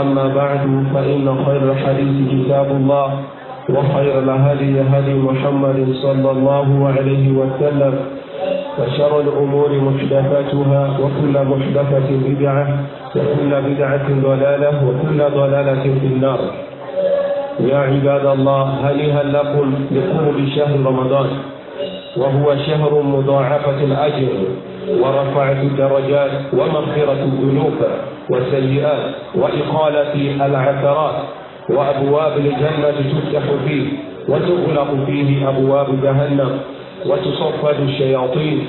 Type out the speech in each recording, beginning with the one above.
أما بعد فإن خير الحديث كتاب الله وخير الهدي هدي محمد صلى الله عليه وسلم وشر الأمور محدثاتها وكل محدثة بدعة وكل بدعة ضلالة وكل ضلالة في النار يا عباد الله هل لكم لقرب شهر رمضان وهو شهر مضاعفة الأجر ورفعة الدرجات ومغفرة الذنوب والسيئات وإقالة العثرات وأبواب الجنة تفتح فيه وتغلق فيه أبواب جهنم وتصفد الشياطين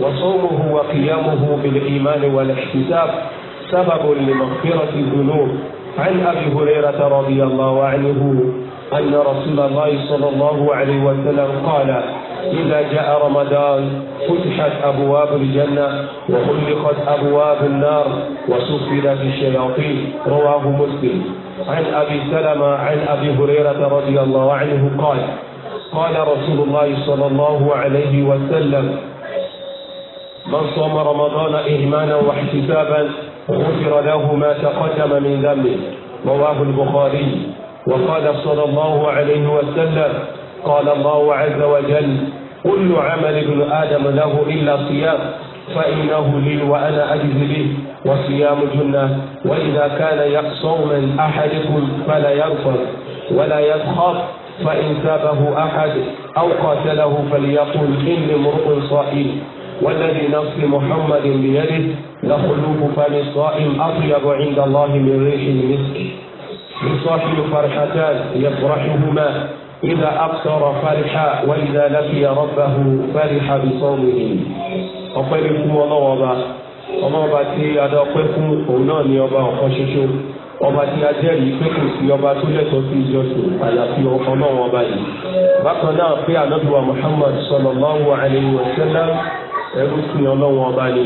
وصومه وقيامه بالإيمان والاحتساب سبب لمغفرة الذنوب عن أبي هريرة رضي الله عنه أن رسول الله صلى الله عليه وسلم قال إذا جاء رمضان فتحت أبواب الجنة وغلقت أبواب النار وسفلت الشياطين رواه مسلم عن أبي سلمة عن أبي هريرة رضي الله عنه قال قال رسول الله صلى الله عليه وسلم من صام رمضان إيمانا واحتسابا غفر له ما تقدم من ذنبه رواه البخاري وقال صلى الله عليه وسلم قال الله عز وجل كل عمل ابن آدم له إلا صيام فإنه لي وأنا أجزي به وصيام جنة وإذا كان صوما أحدكم فلا يغفر ولا يسخط فإن سابه أحد أو قاتله فليقل إني امرؤ صائم والذي نفس محمد بيده لخلوه فم الصائم أطيب عند الله من ريح المسك يصاحب فرحتان يفرحهما إذا أبصر فرح وإذا لقي ربه فرح بصومه ọpẹ́ ní fún ọlọ́wọ́ ọba ọmọ ọba tí adá ọpẹ́ fún òun náà ní ọba ọ̀kan ṣoṣo ọba tí a jẹ́rìí pé kò sí ọba tó lẹ́tọ̀ọ́ sí ìjọsìn àyàfi ọlọ́wọ́ ọba yìí bákan náà pé ànábìwá Muhammad sallallahu alayhi wa sallam ẹrú sí ọlọ́wọ́ ọba ni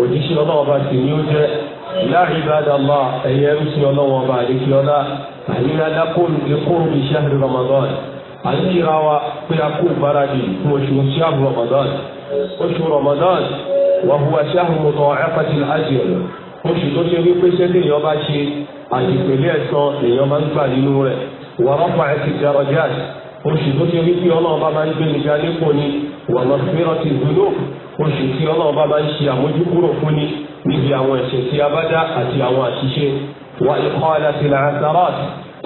òjíṣẹ́ ọlọ́wọ́ ọba sì ni ó jẹ́ láàrínbádàlá ẹ̀yẹ rúsí ọlọ́wọ́ bá àdékíọ́lá àyínlá lákòrò lẹ́kọ́rò iṣẹ́ Ramadan àyíra wa pé a kó gbáradì fún oṣù ṣáàbù Ramadan oṣù Ramadan wà hùwà ṣáàbù mọ̀tọ̀ ẹ̀fàtì àjẹrò oṣù tó ṣe wípé sẹ́lẹ̀ èèyàn bá ṣe àdìpẹ̀lẹ̀ ẹ̀sán èèyàn máa ń gbà nínú rẹ̀ wà rọ́pà ẹ̀sìn darajat oṣù tó ṣe wípé ọlọ́ọ̀bá máa ń gbé nígbà lẹ́kọ̀ọ́ ni wà lọ́fẹ́rọ̀ ti dúró oṣù tí ọlọ́ọ̀bá máa ń ṣe àmójúkúrò fún ni níbi àwọn ẹ̀ṣẹ̀ tí a bá dá àti àwọn àṣìṣe wà ní kọ́ọ̀lá sí làásàrọ́t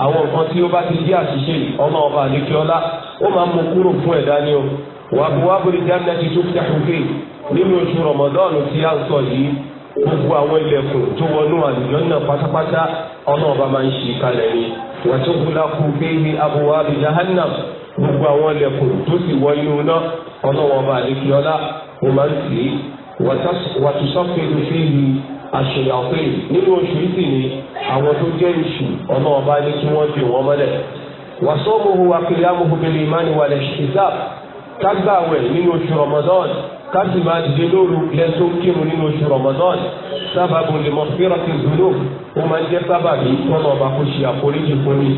àwọn nǹkan tí ó bá ti jẹ́ àṣìṣe ọmọ ọba àdékíọ́lá ó máa mú kúrò fún ẹ̀dá ni o wà bú wá bóri jáde ti tó fìdáhùn pé nínú oṣù rọmọdọ́ọ̀nù tí a ń sọ yìí gbogbo àwọn ilẹ̀kùn tó wọnú àlùjọ náà pátápátá ọmọ ọba máa ń ṣe kalẹ̀ ni wà tó kúlá kú pé ní abúwá bí jahannam gbogbo àwọn ilẹ̀kùn tó sì wọ inú náà ọlọ́wọ́ ọba àdékíọ́lá ó máa ń sè é wàtúsọ́pẹ̀lú fíìlì àṣeyàpẹ̀lú nínú oṣù yìí sì ni àwọn tó jẹ́ ìṣù ọmọ ọba ní kí wọ́n ju wọn mọ́lẹ̀ wàsọ́mùhù akíyàmùhù bil ìmánì wal ihtisab kágbàwẹ̀ nínú oṣù Ramadan kásì máa dìde lóru lẹ́tọ́ kírun nínú oṣù Ramadan sábàbù lè mọ fírọ̀tì dùnú ó máa ń jẹ́ sábàbí tọ́nà ọba kò ṣe àforíjì fún mi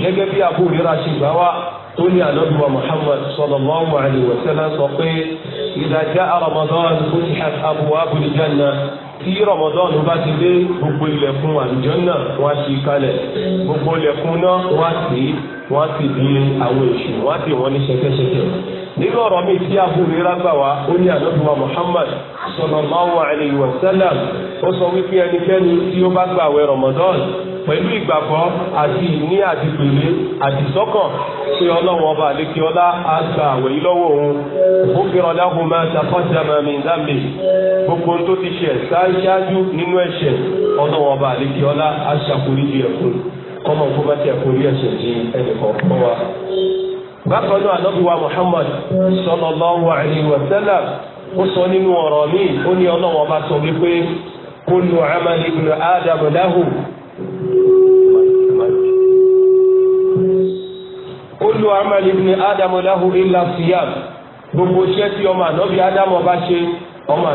gẹ́gẹ́ bí àbúrò tó ní ànábìwá muhammad sallallahu alayhi wa sallam sọ pé idha jaa ramadan futihat abwabul janna tí ramadan bá ti dé gbogbo ilẹ̀kùn àlùjànnà wọ́n á ti kalẹ̀ gbogbo ilẹ̀kùn náà wọ́n á sì wọ́n á sì di àwọn èṣù wọ́n á sì wọ́n ní ṣẹ̀kẹ̀ṣẹ̀kẹ̀ nínú ọ̀rọ̀ mi tí Abu Hurairah gbà wá ó ní àdọ́dúnwá Muhammad sallallahu alayhi wa sallam ó sọ wípé ẹnikẹ́ni tí ó bá gbà wẹ̀ Ramadan pẹ̀lú ìgbàgbọ́ àti ìní àti pèlè àti sọ́kàn pé ọlọ́run ọba àlékè ọlá á gba àwẹ̀ yìí lọ́wọ́ òun ó fi ràn láhùn máa taqaddama min dhanbi gbogbo tó ti ṣe ṣáájú nínú ẹ̀ṣẹ̀ ọlọ́run ọba àlékè ọlá á ṣàkóríjì ẹ̀kún kọ́mọ̀ kó bá ti ẹ̀kórí ẹ̀ṣẹ̀ di ẹnìkan fún wa. bákan náà ànábì wa Muhammad sallallahu alayhi wa sallam ó sọ nínú ọ̀rọ̀ mi ó ní ọlọ́wọ́n bá sọ wípé kullu amali ibn Adam lahu kullu amali ibn Adam lahu illa siyam gbogbo iṣẹ́ tí ọmọ ànábì ádámọ̀ bá ṣe ọmọ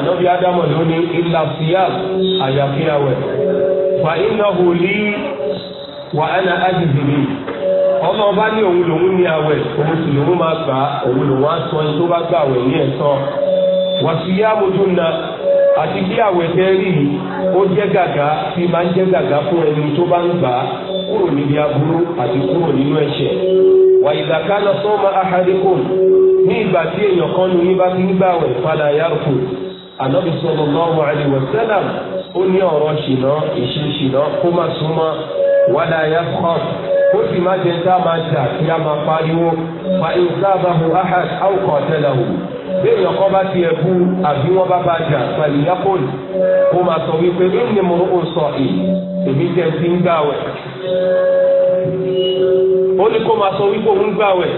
ló ní wa ana ajzi ọlọ́run bá ní òun lòun ní àwẹ̀ òun sì lòun máa gbà òun lòun á sọ ẹni tó bá gbà àwẹ̀ ní ẹ̀san wàtí yá mojú na àti bí àwẹ̀ tẹ́ rí ó jẹ́ gàgà tí máa ń jẹ́ gàgà fún ẹni tó bá ń gbà kúrò níbi aburú àti kúrò nínú ẹ̀ṣẹ̀ wà ìdàká lọ sọ́mọ ahadikun ní ìgbà tí èèyàn kan nu bá ti ń gbà àwẹ̀ padà yàrùkù ànábì sallallahu alaihi wasallam ó ní ọ̀rọ̀ ṣìnà ìṣe kó má súnmọ́ wàdà yàtọ̀ ó sì má jẹ tá a máa jà kí a máa pariwo fa ìsáàbàhù ahad àwùkọ ọtẹlẹhù béèyàn kan bá tiẹ̀ bú àbí wọ́n bá bá jà pẹ̀lú yakol ó máa sọ wípé ẹni mo ń sọ èyí èmi jẹ ti ń gbàwẹ̀ ó ní kó máa sọ wípé òun gbàwẹ̀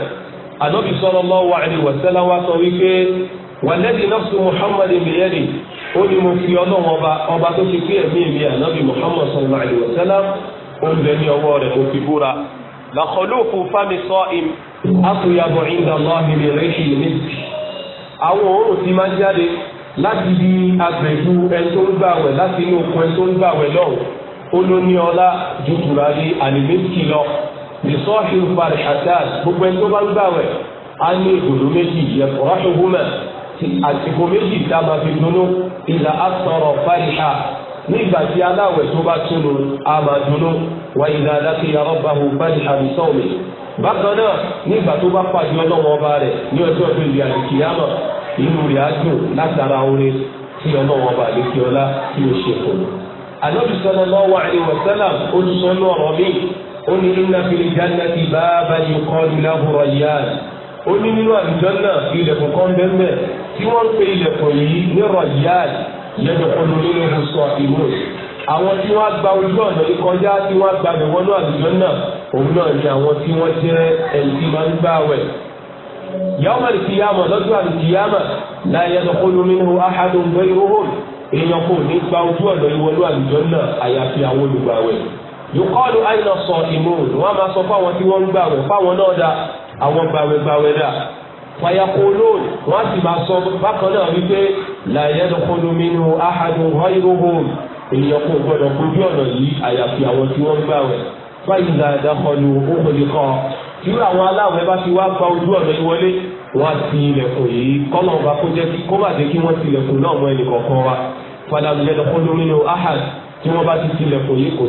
ànábì sallallahu alaihi wasallam wá sọ wípé wàlẹ́dì nọ́ọ̀sì muhammadu bìyẹ́nì ó ní mo fi ọlọ́run ọba ọba tó ti pé ẹ̀mí mi ànábì muhammad sallallahu alaihi oúnjẹ ní ọwọ́ rẹ̀ kò fi búra làkọlóòfù fámi sọ im àtúnyàbọ̀ ìdàlọ́ ìrìnrìn ìlú àwọn òórùn ti máa jáde láti di agbègbè ẹni tó ń gbàwẹ̀ láti inú okun ẹni tó ń gbàwẹ̀ lọ́hùn ó ló ní ọlá ju tùràrí àlìmẹ́sì lọ ìsọ́ ìrùbàrì àtàl gbogbo ẹni bá ń gbàwẹ̀ á ní ìgòló méjì yẹ̀fọ́rọ́ ṣùgbọ́n nígbà tí aláwẹ̀ tó bá túnú a máa dúró wa idha laqiya rabbahu fariha bi sawmi bákan náà nígbà tó bá pàdé ọlọ́wọ́ ọba rẹ̀ ní ọjọ́ tó lè àlùkìyàmọ̀ inú rẹ̀ á dùn látara orin tí ọlọ́wọ́ ọba àlùkìyọ́lá tí ó ṣe fún un. Ànábì sallallahu alaihi wasallam ó tún sọ lọ́rọ̀ mi ó ní inna fil jannati baban yuqalu lahu Rayyan ó ní nínú àlùjọ náà ilẹ̀kùn kan bẹ́ẹ̀ tí wọ́n ń pe ilẹ̀kùn yìí ní Rayyan yẹ́dọ̀ kọ́nu nínú ìwòsàn ìwò àwọn tí wọ́n gba ojú ọ̀nà yìí kọjá tí wọ́n gba ìwọ́nú àlùjọ náà òun náà ni àwọn tí wọ́n jẹ́ ẹni tí máa ń gbà wẹ̀. yàwó àlùkìyàmọ̀ lọ́jọ́ àlùkìyàmọ̀ náà yẹ́dọ̀ kọ́nu nínú ahadùn bẹ́ẹ̀ ìhóhùn èèyàn kò ní gba ojú ọ̀nà ìwọ́nú àlùjọ náà àyàfi àwọn olùgbàwẹ̀ yòkọ́lù àìlọ́sọ̀ ìmọ̀ òun wọ́n máa sọ fáwọn tí wọ́n ń gbàwẹ̀ fáwọn náà dá àwọn gbàwẹ̀gbàwẹ̀ dá fàyàkólóòn wọ́n sì máa sọ bákan náà wípé làyẹ́dọ̀kọ́lù mínú ahadun ghayruhum èèyàn kò gbọdọ̀ gbójú ọ̀nà yìí àyàfi àwọn tí wọ́n ń gbà wẹ̀ fáyìlà àdàkọlù òkòlìkọ irú àwọn aláwẹ̀ bá fi wá gba ojú ọ̀nà yìí wọlé wọ́n ti ilẹ̀kùn yìí kọ́nà ọba kó jẹ́ kó má jẹ́ kí wọ́n ti ilẹ̀kùn náà mọ ẹnì kọ̀ọ̀kan wa padà lẹ́dọ̀kọ́lù mínú ahad tí wọ́n bá ti ti ilẹ̀kùn yìí kò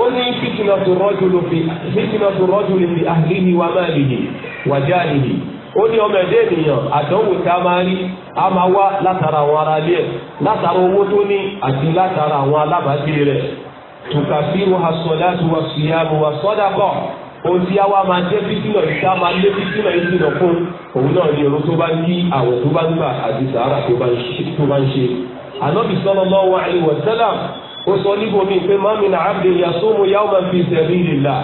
ó ní fìtìnà tó rọ́jú ló fi fìtìnà tó rọ́jú lè fi àhìlì wa máa lè yè wàjá ìlì ó ní ọmọ ẹ̀dẹ́ ènìyàn àdánwò tá a máa rí a máa wá látara àwọn ará ilé ẹ̀ látara owó tó ní àti látara àwọn alábàágbé rẹ̀ tùkàfíru asọ̀dáàtù wa síyàmù wa sọ́dàkọ̀ ohun tí a wá máa jẹ́ fìtìnà ìta máa lé fìtìnà ìtìnà fún òun náà ní ọ̀rọ̀ tó bá ní àwọ̀ tó bá ń gbà àti sàárà tó bá ń ṣe. ànábì sallallahu alaihi wasallam ó sọ níbo mi pé mami na abdi yasumu yawman fi sabilillah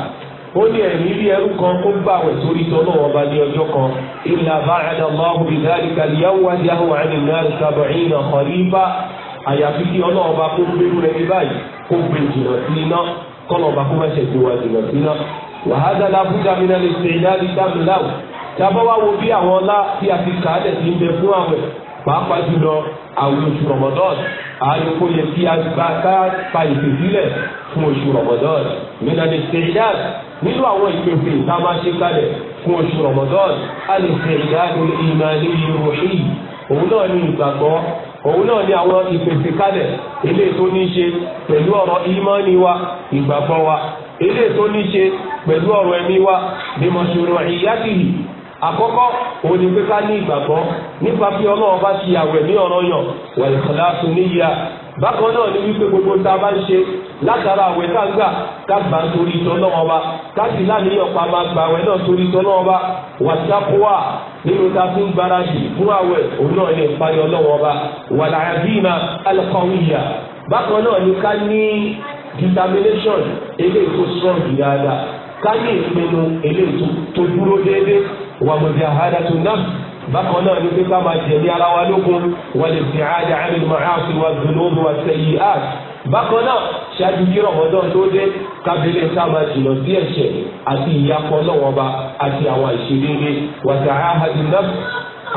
ó ní ẹ̀mí bí ẹrú kan ó gbà wẹ̀ sórí tọ́nà ọba ní ọjọ́ kan illa ba'ada Allahu bidhalika liyawwajahu 'ani an-nar sab'ina kharifa àyàfi kí ọlọ́ọ̀ba kó gbérú rẹ̀ ní báyìí kó gbé jìnà sí iná kọ́lọ̀ọ̀ba kó má ṣe gbé wa jìnà sí iná. wàhálà làbújá mi náà lè ṣe ìdárí dábìláwò tábọ́ wá wo bí àwọn ọlá tí a ti kà á dẹ̀ ti ń bẹ fún àwẹ̀ pàápàá jùlọ àwọn oṣù rọmọdọ́n àyùkó yẹ kí a gba ká pa ìfèsílẹ̀ fún oṣù rọmọdọ́n mílíọ̀nù sèyídàd nínú àwọn ìpèsè tá a máa ṣe kalẹ̀ fún oṣù rọmọdọ́n a lè sèyídàd ìmọ̀ ní irun ṣíì òun náà ní ìgbàgbọ́ òun náà ni àwọn ìpèsè kalẹ̀ eléyìí tó ní í ṣe pẹ̀lú ọ̀rọ̀ ìmọ̀ni wa ìgbàgbọ́ wa eléyìí tó ní í ṣe pẹ̀lú ọ̀rọ̀ ẹ̀mí wa bí mo ṣòro ìyá àkọ́kọ́ òun ni pé ká ní ìgbàgbọ́ nípa bí ọlọ́run bá ti àwẹ̀ ní ọ̀rọ̀ yàn wẹ̀lẹ̀kọ̀lá fún níyà bákan náà ni wípé gbogbo tá a bá ń ṣe látara àwẹ̀ tá a gbà ká gbà ń torí ìtọ́ náà ọba ká sì láníyàn pa máa gbà àwẹ̀ náà torí ìtọ́ náà ọba wàtàkùwà nínú tá a fi ń gbáradì fún àwẹ̀ òun náà ní ìparí ọlọ́wọ́ ọba wàlàyàbíìmà alqawiyya bákan náà ni ká ní determination eléyìí tó strong dáadáa ká ní ìpinnu eléyìí tó dúró déédéé wà mujahadatu nafs bákan náà ní pípa máa jẹ̀bi ara wa lógun wà lè fi àádá àmìlì màáfi wà zunubu wà sẹ́yìn àt bákan náà ṣáájú kí rọ̀mọ́dán tó dé kábílẹ̀ tá a máa jìnà sí ẹ̀ṣẹ̀ àti ìyapọ̀ náà wọn bá àti àwọn ìṣèlérí wà ta'ahadu nafs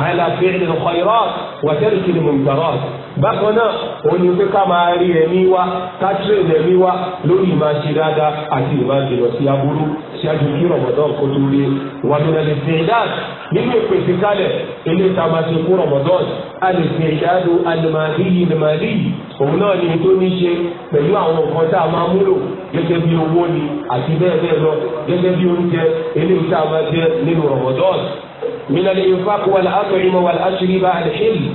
ala fi'li al-khayrat wa tarki al-munkarat bákan náà òun ni máa rí ẹ̀mí wa ká ẹ̀mí wa lórí ìmáṣe dáadáa àti ìmáṣe lọ sí aburú ṣáájú kí rọmọdán kó tó lé wà mí lẹ́lẹ́ sí ìdáàd nínú ìpèsè kalẹ̀ eléyìí tá a máa ti kú rọmọdán a lè fi ìdáàdù alimadiyi limadiyi òun náà ni tó ní ṣe pẹ̀lú àwọn nǹkan tá a máa múlò gẹ́gẹ́ bí owó ni àti bẹ́ẹ̀ bẹ́ẹ̀ lọ gẹ́gẹ́ bí oúnjẹ eléyìí tá a máa jẹ nínú rọmọdán mí lẹ́lẹ́ infaq wàlá àtọ̀yìnmọ̀ wàlá àṣíríbá àdìhìlì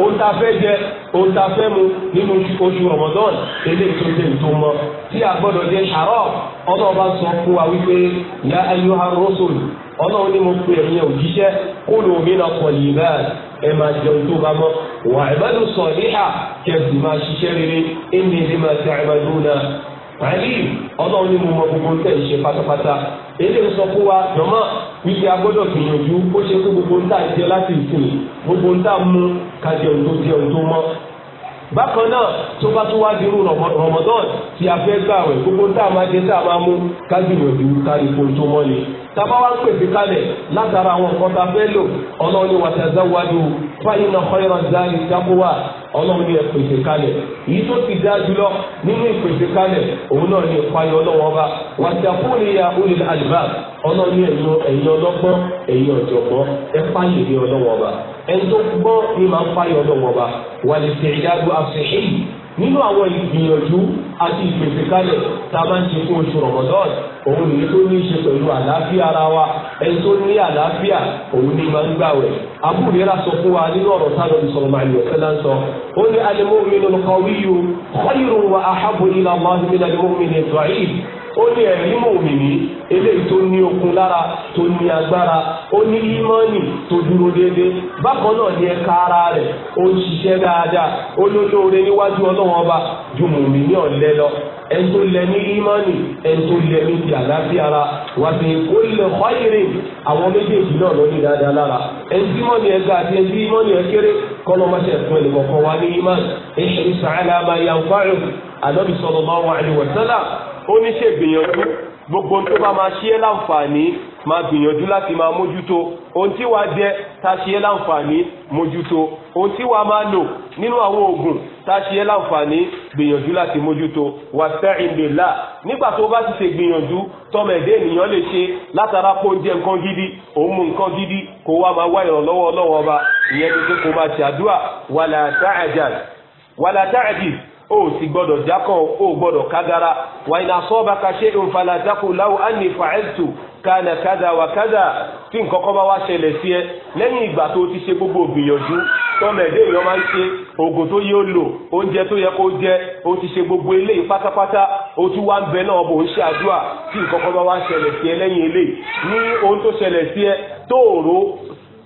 ohun tá a fẹ́ jẹ ohun tá a fẹ́ mu nínú oṣù Ramadan eléyìí tó jẹ́ mọ́ tí a gbọ́dọ̀ jẹ haram ọlọ́run bá sọ fún wa wípé ya ayyuha ar-rusul ọlọ́run ní mo pe ẹ̀yin òjíṣẹ́ kulu mina tayyibat ẹ máa jẹun tó bá mọ́ wà i'malu salihan kẹsì máa ṣiṣẹ́ rere inni bima ta'maluna alim ọlọ́run ní mo mọ gbogbo tẹ̀ ṣe pátápátá èdè sọ fún wa jọmọ́ wípé a gbọ́dọ̀ gbìyànjú ó ṣe fún gbogbo ń tà jẹ láti ìsìn gbogbo ń tà mú ká jẹun tó jẹun tó mọ́ bákan náà tó bá tún wá dirú rọmọdán tí a fẹ́ gbà wẹ̀ gbogbo tá a máa jẹ tá a máa mú kájúwèé ju kárí kó tó mọ́ ni tábà wá ń pèsè kalẹ̀ látara àwọn nǹkan tá a fẹ́ lò ọlọ́run ni wàtí azawadu fáyínà khayra zari taqwa ọlọ́run ní ẹ pèsè kalẹ̀ yìí tó ti dá jùlọ nínú ìpèsè kalẹ̀ òun náà ní ìpayọ ọlọ́wọ́ ọba wàtàkùnrin ya ulil albab ọlọ́run ní ẹ̀yìn ẹ̀yìn ọlọ́gbọ́n ẹ̀yìn ọ̀jọ̀gbọ́n ẹ fàyè ní ọlọ́wọ́ ọba ẹni tó gbọ́ ni máa ń fàyè ọlọ́wọ́ ọba wàlẹ̀ tẹ̀yàgbọ́ àfẹ́hìn nínú àwọn ìgbìyànjú àti ìpèsè kalẹ̀ tá a máa ń ṣe fún oṣù rọ̀mọ́dọ́ọ̀dì òun nìyí tó ní í ṣe pẹ̀lú àlàáfíà ara wa ẹni tó ní àlàáfíà òun ní máa ń gbàwẹ̀. abúlera sọ fún wa nínú ọ̀rọ̀ tá a lọ́dún sọ̀rọ̀ ọ̀fẹ́ náà sọ ó ní al-mu'minu al-qawiyyu khayrun wa ahabbu ila Allah min al-mu'mini ad-da'if ó ní ẹ̀rí mòmìnì eléyìí tó ní okun lára tó ní agbára ó ní ímọ́nì tó dúró déédé bákan náà ní ẹ̀ka ara rẹ̀ ó ń ṣiṣẹ́ dáadáa ó lólóore níwájú ọlọ́wọ́n ọba ju mòmìnì ọ̀lẹ lọ ẹni tó lẹ ní ímọ́nì ẹni tó lẹ ní ti àlàáfíà ara wàtí ó lè kọ́ ìrìn àwọn méjèèjì náà lọ ní dáadáa lára ẹni tí mọ́ni ẹ̀ ga àti ẹni tí mọ́ni ẹ̀ kéré kọ́nà máa ṣe fún ẹnì kọ̀ọ̀kan wá ní ímọ́nì ẹ̀ṣẹ̀ ìṣàlẹ̀ àmàyà ń fáyọ̀ àdọ́bí sallallahu alaihi wa sallam ó ní ṣe gbìyànjú gbogbo tó bá máa ṣe é láǹfààní máa gbìyànjú láti máa mójútó ohun tí wàá jẹ ta ṣe é láǹfààní mójútó ohun tí wàá máa lò nínú àwọn oògùn ta ṣe é láǹfààní gbìyànjú láti mójútó wasta'in billah nígbà tó bá ti ṣe gbìyànjú tọmọ ẹ̀dá ènìyàn lè ṣe látara kó jẹ nǹkan gidi òun mú nǹkan gidi kó wá máa wá ìrànlọ́wọ́ ọlọ́wọ́ ọba ìyẹn ni pé kó máa ṣàdúrà wàlà táàjà wàlà o sì gbọ́dọ̀ jákọ̀ o gbọ́dọ̀ kágara wàyìn asọ́baka ṣe ìfàlàjákò láwù ánì fàẹ́tù kánà kádà wà kádà tí nǹkan kan bá wá ṣẹlẹ̀ sí ẹ lẹ́yìn ìgbà tó ti ṣe gbogbo ìgbìyànjú tọ́mọ ẹ̀dẹ́ èèyàn máa ń ṣe oògùn tó yẹ ó lò oúnjẹ tó yẹ kó jẹ o ti ṣe gbogbo eléyìí pátápátá o tún wá ń bẹ náà bò ń ṣe àdúrà tí nǹkan bá wá ṣẹlẹ̀ sí ẹ lẹ́yìn eléyìí ní ohun tó ṣẹlẹ̀ sí ẹ tóòró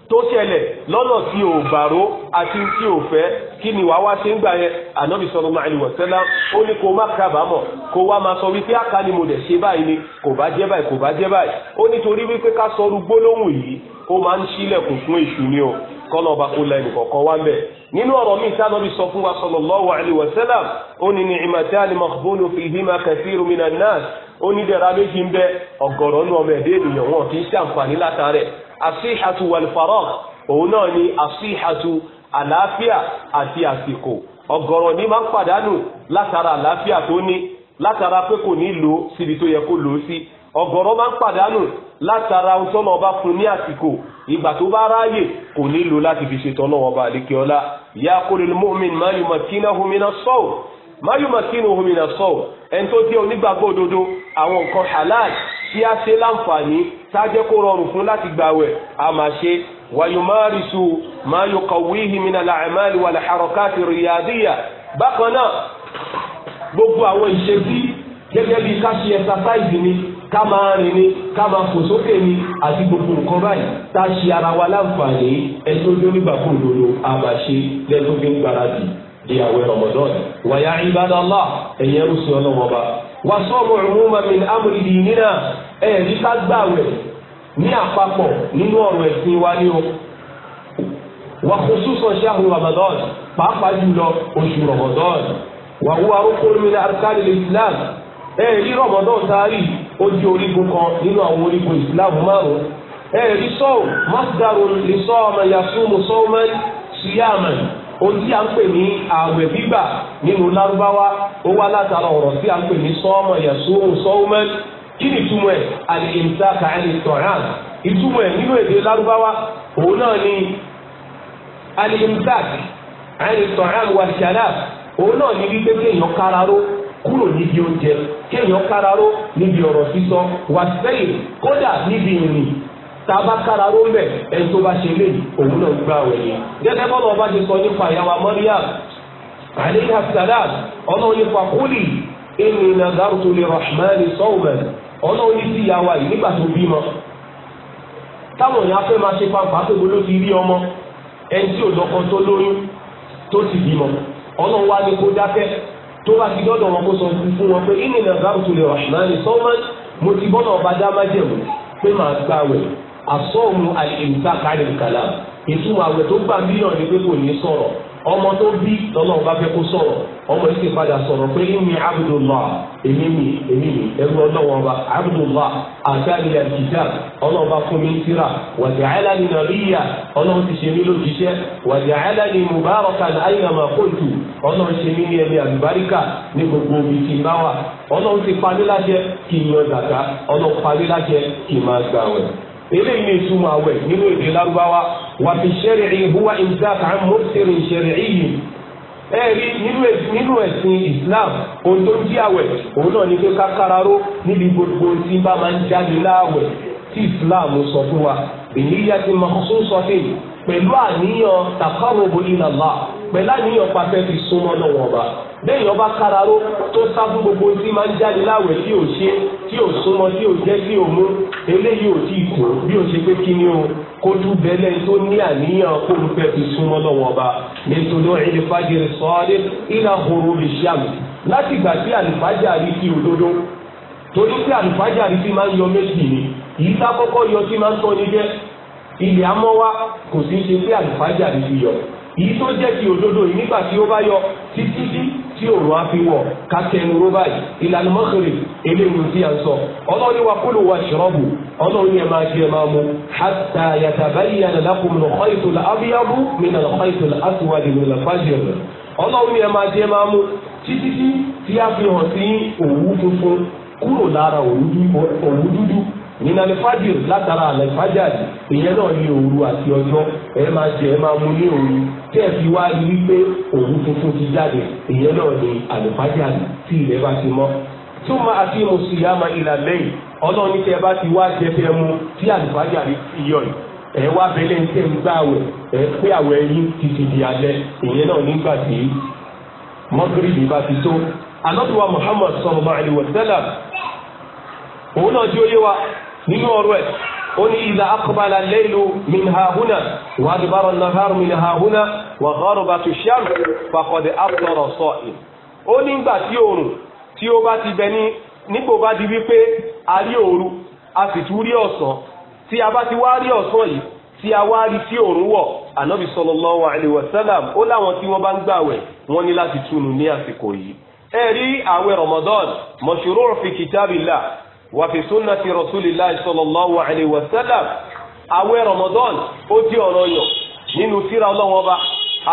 tó ṣẹlẹ̀ lọ́nà tí ò gbàró àti tí ò fẹ́ kí ni wàá wá ṣe ń gbà yẹn ànábì sallallahu alaihi wasallam ó ní kó má kábàámọ̀ kó wá máa sọ wípé àká ni mo dẹ̀ ṣe báyìí ni kò bá jẹ́ báyìí kò bá jẹ́ báyìí ó nítorí wípé ká sọrú gbólóhùn yìí ó máa ń ṣílẹ̀kùn fún èṣù o kọ́nà ọba kó la ẹnìkọ̀ọ̀kan wá bẹ̀. nínú ọ̀rọ̀ mi sáà lọ́bi sọ fún wa sallallahu alaihi wa sallam ó ní ní ni'matani maghbunu fihima kathiru minan nas ó ní dẹ̀ra méjì ń bẹ ọ̀gọ̀rọ̀ nù ọmọ ẹ̀dẹ́ ènìyàn wọn kì í ṣe àǹfààní látàrẹ̀ asíhatu walfarag òun náà ni asíhatu àlàáfíà àti àsìkò ọ̀gọ̀rọ̀ ní máa ń pàdánù látara àlàáfíà tó ní látara pé kò ní lò síbi tó yẹ kó lò sí ọ̀gọ̀rọ̀ máa ń pàdánù látara ọtọ́nà ọba fún ní àsìkò ìgbà tó bá ráyè kò nílò láti fi ṣètò ọlọ́wọ́ ọba àdékè ọlá ya kulil mu'min ma yumakkinahu mina sawm ma yumakkinahu mina sawm ẹni tó jẹ́ onígbàgbọ́ òdodo àwọn nǹkan halal tí a ṣe láǹfààní tá a jẹ́ kó rọrùn fún láti gbàwẹ̀ a máa ṣe wa yumarisu ma yuqawwihi mina al-a'mali wal harakati bákan náà gbogbo àwọn ìṣesí gẹ́gẹ́ bí ká ṣe ẹ̀sásáìsì ni ká máa rìn ni ká máa fò sókè ni àti gbogbo nǹkan báyìí tá a ṣe ara wa láǹfààní ẹtí ó dónígbà kó lòlò àbàṣe lẹ́tọ́ fi ń gbáradì di àwẹ̀ Ramadan wàyà ibadallah ẹ̀yẹ rúṣì ọlọ́wọ́ bá wà sọ́ọ̀mù umuman min amri dinina ẹ̀ẹ́dí ká gbàwẹ̀ ní àpapọ̀ nínú ọ̀rọ̀ ẹ̀sìn wa ní o wa khususan shahru ramadan pàápàá jùlọ oṣù ramadan wa huwa rukun min arkani islam ẹ rí ramadan taari ó jẹ́ orígun kan nínú àwọn orígun ìsìláàmù márùn-ún ẹ̀rí sọ́ọ̀ masdarun lè sọ ọmọ yasumu sọ́ọ̀mọ́n síyáàmù ohun tí a ń pè ní ààwẹ̀ gbígbà nínú lárúbáwá ó wá látara ọ̀rọ̀ tí a ń pè ní sọ́ọ̀mọ̀ yasumu sọ́ọ̀mọ́n kí ni ìtumọ̀ ẹ̀ àlè ìmùtá kàálì tọ̀rán ìtumọ̀ ẹ̀ nínú èdè lárúbáwá òun náà ni àlè ìmùtá kàálì tọ̀rán wàlìkàlà òun náà ni wípé kéèyàn káraró kúrò níbi oúnjẹ kéèyàn káraró níbi ọ̀rọ̀ sísọ wà sẹ́yìn kódà níbi ìrìn tá a bá kára ló mẹ ẹni tó bá ṣe lè òun náà gbà wẹ̀ yẹn. gẹ́gẹ́ bọ́lá ọba ti sọ nípa ìyàwó Maryam aleyhi salam ọlọ́run nípa kúlì inni nadartu li rahmani sawman ọlọ́run ní síyàwó yìí nígbà tó bímọ. táwọn èèyàn afẹ́ máa ṣe fanfà pé mo ló ti rí ọmọ ẹni tí ò lọ́kọ tó lóyún tó ti bímọ ọlọ́run wá ní kó dákẹ́ tó bá fi dọ́dọ̀ wọn kó sọ fún wọn pé ìní nàìjíríà tó lè rahmani sọ́wọ́n mo ti bọ́nà ọba dá májẹ̀mú pé màá gbà wẹ̀ àsọ̀hún àlè ìgbà kárẹ̀ kàlà ìtumọ̀ àwẹ̀ tó gbà mílíọ̀nù ni pé kò ní sọ̀rọ̀ ọmọ tó bí lọ́nà ọba fẹ́ kó sọ̀rọ̀ ọmọ yìí ti padà sọ̀rọ̀ pé ní mi abdullah èmi mi èmi mi ẹrú ọlọ́wọ́n ọba abdullah àtàlì àjìjà ọlọ́ọ̀ba fún mi síra wàjà ẹlẹ́ni nàbíyà ọlọ́run ti ṣe mí lójúṣẹ́ wàjà ẹlẹ́ni mubarakan ayinama kóòtù ọlọ́run ṣe mí ní ẹni àlùbáríkà ní gbogbo omi tí bá wà ọlọ́run ti pa mí láṣẹ kí yọ zàká ọlọ́run pa mí láṣẹ kí máa gbà wẹ̀ eléyìí ní ìtumọ̀ àwẹ̀ nínú èdè lárúbáwá wà fi ṣẹ́rìí ìhùwà ìmùsáàkà mọ́sẹ̀rìn ṣẹ̀rìí yìí ẹ̀rí nínú ẹ̀sìn Islam ohun tó ń jí àwẹ̀ òun náà ni pé kákàráró níbi gbogbo tí bá máa ń jáde láàwẹ̀ tí Islam sọ fún wa èyí yá ti pẹ̀lú àníyàn taqarrubu ila Allah pẹ̀lá ní ọ̀pá fẹ́ fi súnmọ́ lọ́wọ́ ọba lẹ́yìn ọba káraró tó sá fún gbogbo tí máa ń jáde láwẹ̀ tí ò ṣe tí ò súnmọ́ tí ò jẹ́ tí ò mú eléyìí ò tí ì kù bí ó ṣe pé kí ni o kó tún bẹ́lẹ̀ tó ní àníyàn kó ló fẹ́ fi súnmọ́ lọ́wọ́ ọba nítorí ẹni fàjẹrẹ sọ́ọ́dẹ ìlà horo lè ṣàmì láti gbà tí àlùfájà rí fi òdodo torí pé àlùfájà rí fi máa ń yọ méjì ni yìí kọ́kọ́ yọ tí máa ń tọ́ni jẹ́ ilẹ̀ amọ́wá kò sí ṣe pé àlùfájà rí fi yọ yìí tó jẹ́ ti òdodo yìí nígbà tí ó bá yọ títí dí tí òòrùn á fi wọ̀ ká tẹnu ró báyìí ìlànà mọ́kèrè eléyìí tí a ń sọ ọlọ́run wa kúlù wa ṣọ́ọ̀bù ọlọ́run yẹn máa jẹ máa mu hatta yatabayyana lakum al-khaytu al-abyadu min al-khayti al-aswadi min al-fajr ọlọ́run yẹn máa jẹ máa mu títí tí tí a fi hàn sí òwú funfun kúrò lára òwú dúdú nínú alifájìr látara alifájàdì ìyẹn náà ní òru àti ọjọ́ ẹ máa jẹ ẹ máa mu ní òru tí ẹ fi wá rí wípé òru tuntun ti jáde ìyẹn náà ní alifájàdì tí ilẹ̀ bá ti mọ́ tó máa fi mùsùlùmá ìlà lẹ́yìn ọlọ́run ní tẹ́ bá ti wá jẹ fẹ́ mu tí alifájàdì ti yọ yìí ẹ wá bẹ́lẹ̀ ń tẹ́ ń gbà wẹ̀ ẹ pé àwẹ̀ yín ti ti di alẹ́ ìyẹn náà nígbà tí mọ́gírì Muhammad sallallahu alaihi òun náà tí ó yé wa nínú ọ̀rọ̀ ẹ̀ ó ní ìlà akọbalà lẹ́lu minhahuna wà á dùbárọ̀ naharu minhahuna wà gbọ́rọ̀ bá tu ṣíàmù fàkọ̀dẹ̀ àpọ̀rọ̀ sọ ẹ̀ ó ní ìgbà tí oòrùn tí ó bá ti bẹ ní nípò bá di wípé a rí òru a sì tún rí ọ̀sán tí a bá ti wá rí ọ̀sán yìí tí a wá rí tí òòrùn wọ̀ ànábì sallallahu alaihi wasallam ó láwọn tí wọ́n bá ń gbàwẹ̀ wọ́n ní láti túnu ní àsìkò yìí. ẹ rí àwẹ̀ Ramadan mashru' fi kitabillah wa fi sunnati rasulillahi sallallahu alayhi wa sallam àwẹ̀ ramadan ó di ọ̀ranyàn nínú tírà ọlọ́wọ́n ọba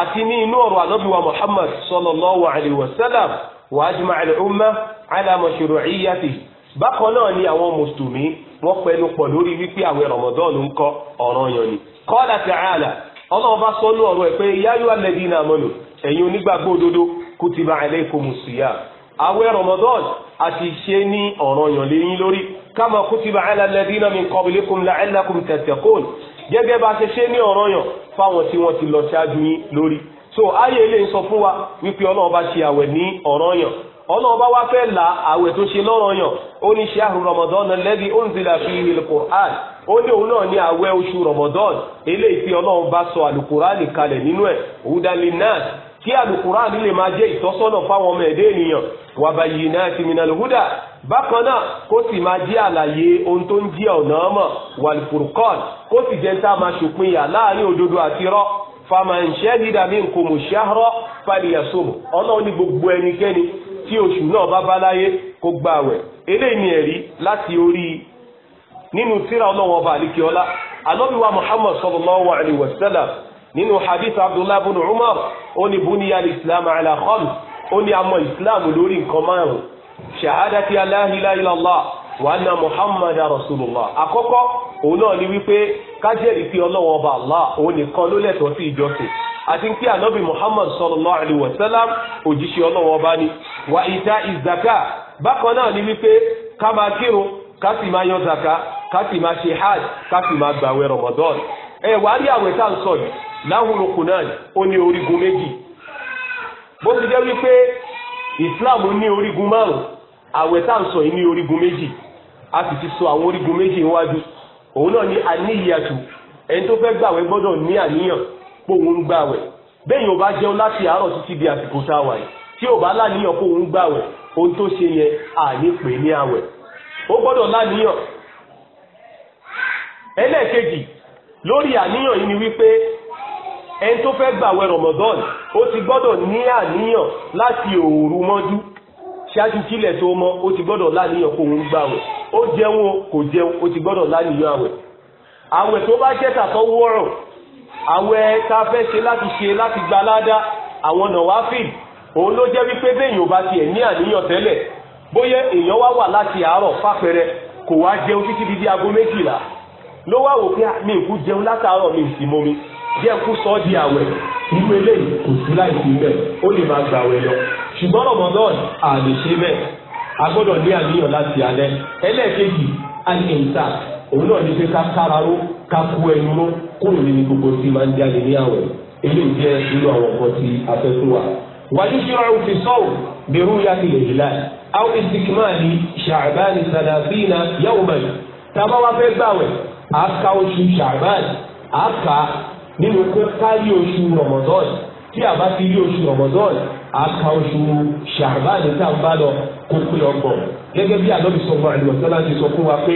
àti ní inú ọ̀rọ̀ ànábì wa muhammad sallallahu alayhi wa sallam wa ajma al-umma ala mashru'iyyatihi bákan náà ni àwọn mùsùlùmí wọ́n pẹnu pọ̀ lórí wípé àwẹ̀ ramadan ń kọ́ ọ̀ranyàn ni qala ọ̀rọ̀ ẹ̀ pé yáyọ́ alladhina amanu ẹ̀yin onígbàgbọ́ òdodo àwẹ̀ Ramadan àti ṣe ní ọ̀ranyàn lẹ́yìn lórí kama kutiba ala alladhina min qablikum la'allakum tattaqun gẹ́gẹ́ bá ṣe ṣe ní ọ̀ranyàn fáwọn tí wọ́n ti lọ ṣáájú yín lórí so ayé ilé ń sọ fún wa wípé ọlọ́run ṣe àwẹ̀ ní ọ̀ranyàn ọlọ́run bá wá fẹ́ la àwẹ̀ tó ṣe lọ́ranyàn ó ní shahru Ramadan alladhi unzila fihi al-Qur'an ó ní òun náà ní àwẹ̀ oṣù Ramadan eléyìí tí ọlọ́run sọ al-Qur'an nínú ẹ̀ hudan linnas kí alukurani lè máa jẹ́ ìtọ́sọ́nà fáwọn ọmọ ẹ̀dẹ́ ènìyàn wa bayyinati minal huda bákan náà kó sì máa jẹ́ àlàyé ohun tó ń jẹ́ ọ̀nà ọmọ wal furqan kó sì jẹ́ tá a máa ṣòpinya láàrin òdodo àti irọ́ faman shahida minkumu shahra falyasumhu ọlọ́run ní gbogbo ẹnikẹ́ni tí ni ẹ̀rí láti orí nínú tírà ọlọ́run ọba àlíkẹ́ muhammad sallallahu alayhi wa sallam nínú hadith abdullahi bin umar ó ní buniya islam ala khams ó ní àmọ́ islam lórí nǹkan márùn shahadati allah ilaha illallah wa anna muhammad rasulullah àkọ́kọ́ òun náà ni wípé kájẹ́rìí pé ọlọ́wọ́ ọba allah òun nìkan ló lẹ́tọ̀ọ́ sí ìjọsìn àti pé ànábì muhammad sallallahu alayhi wa sallam òjíṣẹ́ ọlọ́wọ́ ọba ni wa ìta ìzaka bákan náà ni wípé ká máa kírun ká sì máa yan zaka ká sì máa ṣe hajj ká sì máa gbàwẹ̀ ramadan ẹ wàá rí àwẹ̀ tá à ń sọ yìí láwùrò kùnán ó ní orígun méjì bó ti jẹ́ wípé islam ní orígun márùn àwẹ̀ tá à ń sọ ní orígun méjì a sì ti sọ àwọn orígun méjì níwájú òun náà ní àníyàtù ẹni tó fẹ́ gbàwẹ̀ gbọ́dọ̀ ní àníyàn pé òun ń gbàwẹ̀ bẹ́ẹ̀ yóò bá jẹun láti àárọ̀ títí di àsìkò tá a wà yìí tí ò bá láníyàn pé òun ń gbàwẹ̀ ohun tó ṣe yẹn àní pè ní àwẹ̀ ó gbọ́dọ̀ láníyàn ẹlẹ́ẹ̀kejì lórí àníyàn yìí ni wípé ẹni tó fẹ́ gbàwẹ̀ Ramadan ó ti gbọ́dọ̀ ní àníyàn láti òru mọ́jú ṣáájú kílẹ̀ tó mọ́ ó ti gbọ́dọ̀ láníyàn kó ń gbàwẹ̀ ó jẹun kò jẹun ó ti gbọ́dọ̀ láníyàn àwẹ̀ àwẹ̀ tó bá jẹ́ tàtọ́ wọ́rọ̀ àwẹ̀ tá a fẹ́ ṣe láti ṣe láti gba ládá àwọn nàwáfíì òun ló jẹ́ wípé béèyàn bá tiẹ̀ ní àníyàn tẹ́lẹ̀ bóyá èèyàn wá wà láti àárọ̀ fàpẹrẹ kò wá jẹun títí di aago méjìlá ló wá wò pé ah, mi kú jẹun látàárọ̀ mi sì mọ́ mi jẹ́ kó sọ di àwẹ̀ nínú eléyìí kò sí láì fi bẹ́ẹ̀ ó lè máa gbà àwẹ̀ lọ ṣùgbọ́n Ramadan àlè ṣe bẹ́ẹ̀ a gbọ́dọ̀ ní àníyàn láti alẹ́ ẹlẹ́ẹ̀kejì alẹ́ǹta òun náà ní pé ká kára ró ká kú ẹnu ró kúrò nínú gbogbo tí máa ń jáde ní àwẹ̀ eléyìí jẹ́ irú àwọn nǹkan tí a fẹ́ fún wa. wàjú ṣíra ń fi sọ́ọ̀ bẹ̀rù yàtì lèyìnlá àwọn ìsìnkìmáàlì ṣàbáàlì sàdàfínà yawman tábà wá fẹ́ gbàwẹ̀ àka oṣù ṣàbáàlì àka nínú pé kárí oṣù Ramadan tí a bá ti rí oṣù Ramadan a ka oṣù Ṣàbáànì tá a bá lọ kó pé ọgbọ̀n gẹ́gẹ́ bí ànábì sọ̀rọ̀ àlùmọ̀tánná ti sọ fún wa pé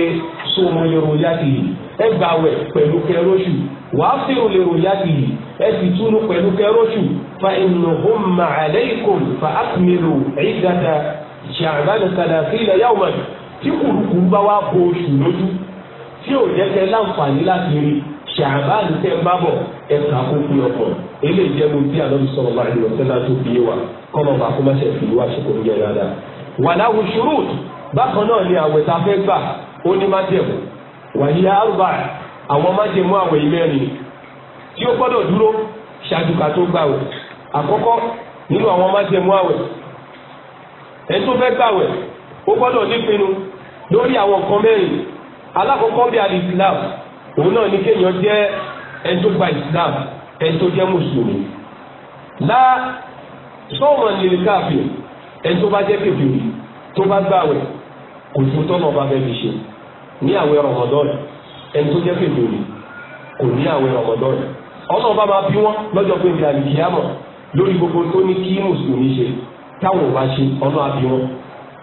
sóhun lérò yáàkì yìí ẹ gbà wẹ̀ pẹ̀lú kẹrọ́ṣù wàá fèrò lérò yáàkì yìí ẹ sì túnú pẹ̀lú kẹrọ́ṣù fa ìnùhùn màálẹ́ìkùn fa àkùnmílò ìdàdà Ṣàbáànì sàdàfí ilẹ̀ yàwùmọ̀ tí kùrùkù bá wá bo oṣù lójú tí ò jẹ́ kẹ́ láǹfààní láti rí ṣàbáàlì tẹ́ ń bá bọ̀ ẹ̀ka kó fi ọkàn eléyìí jẹ́ mo bí àlọ́ sọ̀rọ̀ máa ní ọ̀sẹ̀ náà tó fi yé wa kọ́nà bá kó má ṣe fi wá ṣe kò ń yẹ dáadáa. wàlá wo ṣòro bákan náà ni àwẹ̀ tá a fẹ́ gbà ó ní májẹ̀mú wàyí àrùbá àwọn májẹ̀mú àwẹ̀ ìmẹ́rin tí ó gbọ́dọ̀ dúró ṣáájú ká tó gbà wẹ̀ àkọ́kọ́ nínú àwọn májẹ̀mú àwẹ̀ ẹ̀ tó fẹ́ gbà wẹ̀ ó gbọ́dọ̀ nípinnu lórí àwọn nǹkan mẹ́rin alákọ̀ọ́kọ́ bí alìsílámù òun náà ní kéèyàn jẹ́ ẹni tó gba islam ẹni tó jẹ́ mùsùlùmí lá sọ́ọ̀mọ̀ nílùú káàfin ẹni tó bá jẹ́ kèfèrí tó bá gbàwẹ̀ kò tó tọ́nà ọba bẹ́ẹ̀ fi ṣe ní àwẹ̀ rọmọdọ́n ẹni tó jẹ́ kèfèrí kò ní àwẹ̀ rọmọdọ́n ọ̀nà ọba máa bí wọ́n lọ́jọ́ pé ìdàlù kìámọ̀ lórí gbogbo tó ní kí mùsùlùmí ṣe táwọn ò bá ṣe ọ̀nà àbí wọn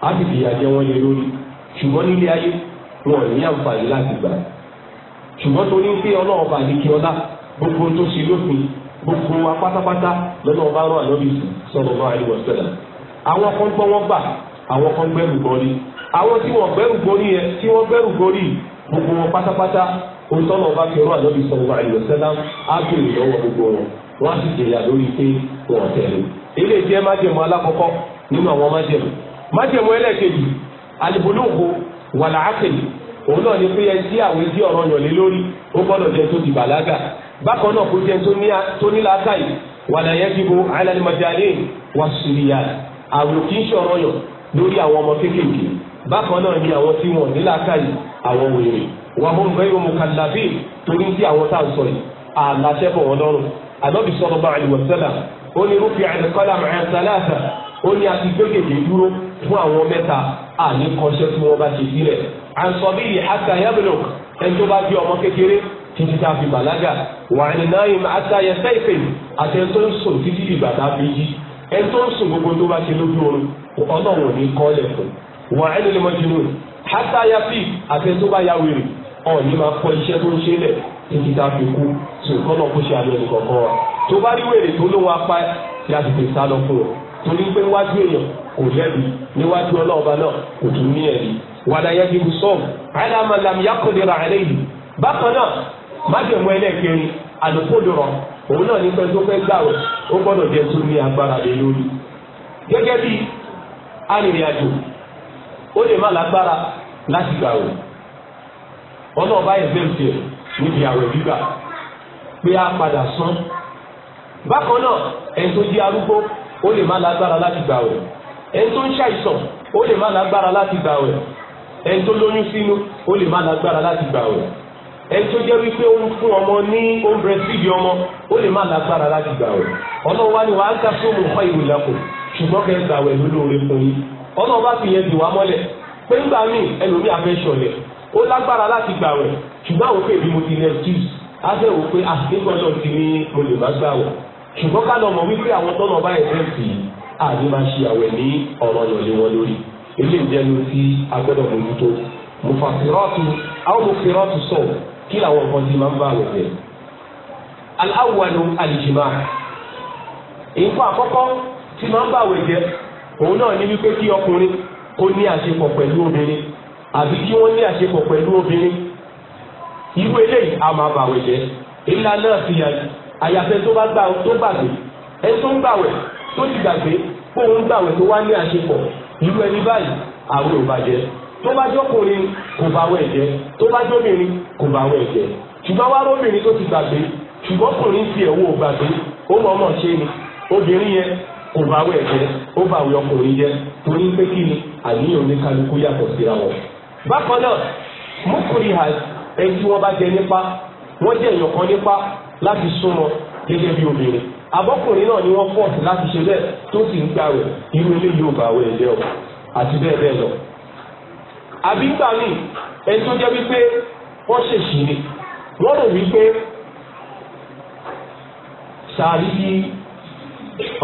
á sì fìyà jẹ wọn lé lórí ṣùgbọ́n nílé ayé wọn ò ní àǹfààní láti gbà á ṣùgbọ́n torí pé ọlọ́run bá ní kí ọlá gbogbo tó ṣe lópin gbogbo wa pátápátá lọ́nà ọba rán ànábì sọ̀rọ̀ bá àríwọ̀ sẹ́lẹ̀ àwọn kan gbọ́ wọ́n gbà àwọn kan gbẹ́rù gbọ́rí àwọn tí wọ́n gbẹ́rù gbọ́rí yẹn tí wọ́n gbẹ́rù gbọ́rí gbogbo wọn pátápátá òtọ́nà ọba fi ọ̀rọ̀ ànábì sọ̀rọ̀ àríwọ̀ sẹ́lẹ̀ á bèrè lọ́wọ́ gbogbo wọn wọ́n á sì jẹ̀yà lórí pé wọ́n tẹ̀lé ilé jẹ́ májẹ̀mú alákọ̀ọ́kọ́ nínú àwọn májẹ̀mú májẹ̀mú ẹlẹ́ẹ̀kejì alìbólógo wàlàákèlì òun náà ni pé ẹni tí àwọn ẹjí ọ̀ràn yàn lé lórí ó gbọ́dọ̀ jẹ́ tó ti bàlágà bákan náà kó jẹ́ tó ní làákàyè wàlà yajibu ala al-majalin was-sibyan àwọn kì í ṣọ̀ràn yàn lórí àwọn ọmọ kéékèèké bákan náà ni àwọn tí wọn ní làákàyè àwọn wèrè wa hum ghayru mukallafin torí tí àwọn tá à ń sọ yìí àlàṣẹ bọ̀ wọn lọ́rùn ànábì sallallahu alaihi àní kọ́ṣẹ́ tí wọ́n bá ṣe sílẹ̀ à ń sọ bí ìyè hatta yablugh ẹni tó bá bí ọmọ kékeré títí tá a fi bàlágà wà ní náírà máa ta yẹ sẹ́ẹ̀fẹ̀ àti ẹni tó ń sùn títí ìgbà tá a fi jí ẹni tó ń sùn gbogbo tó bá ṣe lójú oorun ọlọ́run ò ní kọ́lẹ̀ fún wà ní lè mọ́júnú hatta ya fi àti ẹni tó bá ya wèrè ọ̀ní máa kọ́ iṣẹ́ tó ń ṣe lẹ̀ títí tá a fi kú sùn kọ́nà kó ṣe àlọ́ ẹnì wa tó bá rí wèrè tó lóun apá yàtìtì sá lọ fún ọ torí pé wájú èèyàn kò lẹ́bi níwájú ọlọ́ọ̀ba náà kò tún ní ẹ̀rí wàdà yẹn ti sọ́ọ̀m àyàmà làmì yàkùnrin àlẹ́ yìí bákan náà májèmú ẹlẹ́kẹrin àdókòdòrọ̀ òun náà ní pẹ́ tó fẹ́ gbàwẹ̀ ó gbọ́dọ̀ jẹ́ tó ní agbára lé lórí gẹ́gẹ́ bí arìnrìnàjò ó lè má lágbára láti gbàwẹ̀ ọlọ́ọ̀bá ẹ̀fẹ́ ìfẹ́ níbi àwẹ̀ gbígbà pé a padà sán bákan náà ẹni tó di arúgbó ó lè má lágbára láti gbààwẹ̀ ẹni tó ń ṣàìsàn ó lè má lágbára láti gbààwẹ̀ ẹni tó lóyún sínú ó lè má lágbára láti gbààwẹ̀ ẹni tó jẹ́ wípé ó ń fún ọmọ ní ó ń bẹ̀rẹ̀ síbi ọmọ ó lè má lágbára láti gbààwẹ̀ ọlọ́wọ́ ni wàá ká sóòmù kọ́ ìwé lápò ṣùgbọ́n kẹ́ gbààwẹ̀ lólóore fún yín ọlọ́wọ́ bá fi yẹn dì wá mọ́lẹ̀ pé ńgbà míì ẹlòmíì afẹ́ṣọ̀lẹ̀ ó lágbára láti gbààwẹ̀ ṣùgbọ́n àwọn òfin ìbí ah, mo ti lẹ́ ṣùgbọ́n ká lọ mọ̀ wípé àwọn tọ́nà bá ẹ̀fẹ́ sí àní máa ṣe àwẹ̀ ní ọ̀rọ̀ yọ̀ lé wọn lórí ilé ìjẹnu tí a gbọ́dọ̀ mójútó mufasirọ́ọ̀tù àwọn mufirọ́ọ̀tù sọ kí làwọn nǹkan ti máa ń bá àwẹ̀ jẹ. aláwọ̀lù alìjìmá nǹkan àkọ́kọ́ tí máa ń bá àwẹ̀ jẹ òun náà ní wípé kí ọkùnrin kó ní àṣepọ̀ pẹ̀lú obìnrin àbí kí wọ́n ní àṣepọ̀ pẹ̀lú obìnrin irú eléyìí a máa bá àwẹ̀ jẹ ìlànà fìyà àyàfẹ́ tó bá gbà tó gbàgbé ẹ tó ń gbàwẹ̀ tó ti gbàgbé kó ń gbàwẹ̀ tó wá ní àṣepọ̀ irú ẹni báyìí àwẹ̀ ò bàjẹ́ tó bá jọkùnrin kò bá wẹ̀ jẹ́ tó bá jọmìnrin kò bá wẹ̀ jẹ́ ṣùgbọ́n wá rómìnrin tó ti gbàgbé ṣùgbọ́n kùnrin tiẹ̀ wò gbàgbé ó mọ̀ ọmọ ṣe ni obìnrin yẹn kò bá wẹ̀ jẹ́ ó bá wẹ̀ ọkùnrin jẹ́ torí pé kí ni àníyàn oníkálukú yàtọ̀ síra wọn. bákan náà mọ́kùnrin ẹni tí wọ́n bá jẹ nípa wọ́n jẹ èèyàn kan nípa láti súnmọ́ gẹ́gẹ́ bí obìnrin abọ́kùnrin náà ni wọ́n pọ̀sì láti ṣe bẹ́ẹ̀ tó sì ń gbà rẹ̀ irú eléyìí ò bá wẹ̀ ẹ̀jẹ̀ o àti bẹ́ẹ̀ bẹ́ẹ̀ lọ. àbí gbà mí ẹni tó jẹ́ wípé wọ́n ṣèṣì ni wọ́n rò wípé sàárì bí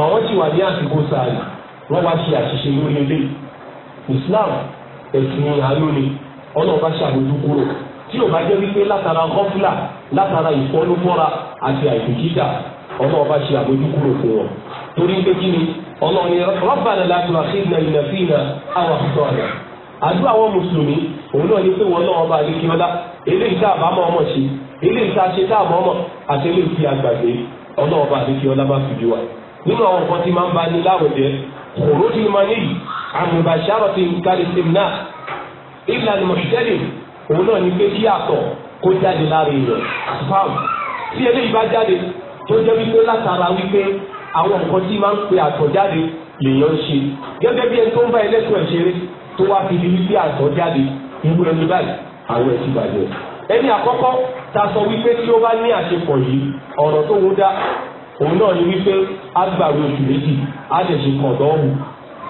àwọn ti wà ní àsìkò sàárì wọ́n wá ṣe àṣìṣe lórí ilé Islam ẹ̀sìn àlóni ọlọ́ọ̀bá ṣàbójú kúrò tí ò bá jẹ́ wípé látara gọ́fúlà látara ìfọ́núfọ́ra àti àìbìkítà ọlọ́ọ̀bá ṣe àbójúkúrò fún wọn torí pé kí ni ọlọ́ọ̀ni rabbana la tu'akhidhna in nasina aw akhta'na àdúrà àwọn mùsùlùmí òun náà ní pé wọn náà ọba àdékíọ́lá eléyìí tá àbámọ́ ọmọ ṣe eléyìí tá a ṣe tá àbọ̀mọ̀ àti eléyìí tí a gbàgbé ọlọ́ọ̀ba àdékíọ́lá bá fi jù wá nínú àwọn nǹkan tí máa ń ba láwùjẹ kòró tí máa ń kárí sí òun náà ní pé kí àtọ̀ kó jáde lára èèyàn spam tí eléyìí bá jáde tó jẹ́ wípé látara wípé àwọn nǹkan tí máa ń pe àtọ̀ jáde lèèyàn ṣe gẹ́gẹ́ bí ẹni tó ń bá ẹlẹ́tọ̀ ẹ̀ ṣeré tó wá fi di wípé àtọ̀ jáde irú ẹni báyìí àwọn ẹ̀sìn bàjẹ́ ẹni àkọ́kọ́ ta sọ wípé tí ó bá ní àṣepọ̀ yìí ọ̀rọ̀ tó wú dá òun náà ni wípé á gbàwé oṣù méjì á dẹ̀ ṣe kọ̀dọ̀ ọ̀hún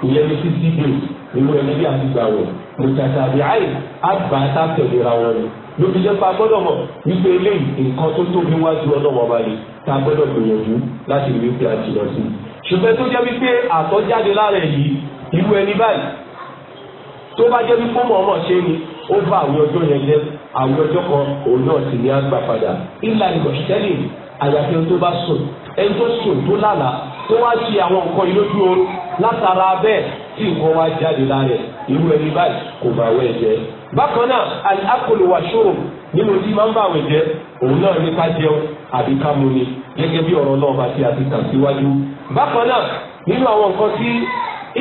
ìyẹn ní sixty days nínú ẹni bí àti gbàwé mùtàtà àbí àyè àbáta tẹ̀léra wọn ni lóbi jẹ́ pa gbọ́dọ̀ mọ̀ wípé eléyìí nǹkan tó tóbi wájú ọlọ́wọ́ ọba ni tá a gbọ́dọ̀ gbìyànjú láti rí wípé a ti lọ sí. ṣùgbọ́n tó jẹ́ wípé àtọ́jáde lára èyí irú ẹni báyìí tó bá jẹ́ wípé mọ̀ ọmọ ṣe ni ó bá àwọn ọjọ́ yẹn jẹ́ àwọn ọjọ́ kan òun náà sì ní àgbà padà. ìlà ìgbọ̀nsẹ́lì àyàfi ẹni tó bá sùn ẹni tó sùn tó lálàá tó wá ṣe àwọn nǹkan ìlójú oorun látara bẹ́ẹ̀ tí nǹkan wá jáde lára ẹ̀ irú ẹni báyìí kò bá wẹ̀ jẹ́ bákan náà al-aklu wa shurb nínú tí máa ń bá àwẹ̀ jẹ́ òun náà ní ká jẹun àbí ká mu ni gẹ́gẹ́ bí ọ̀rọ̀ náà bá ti àti tàn síwájú bákan náà nínú àwọn nǹkan tí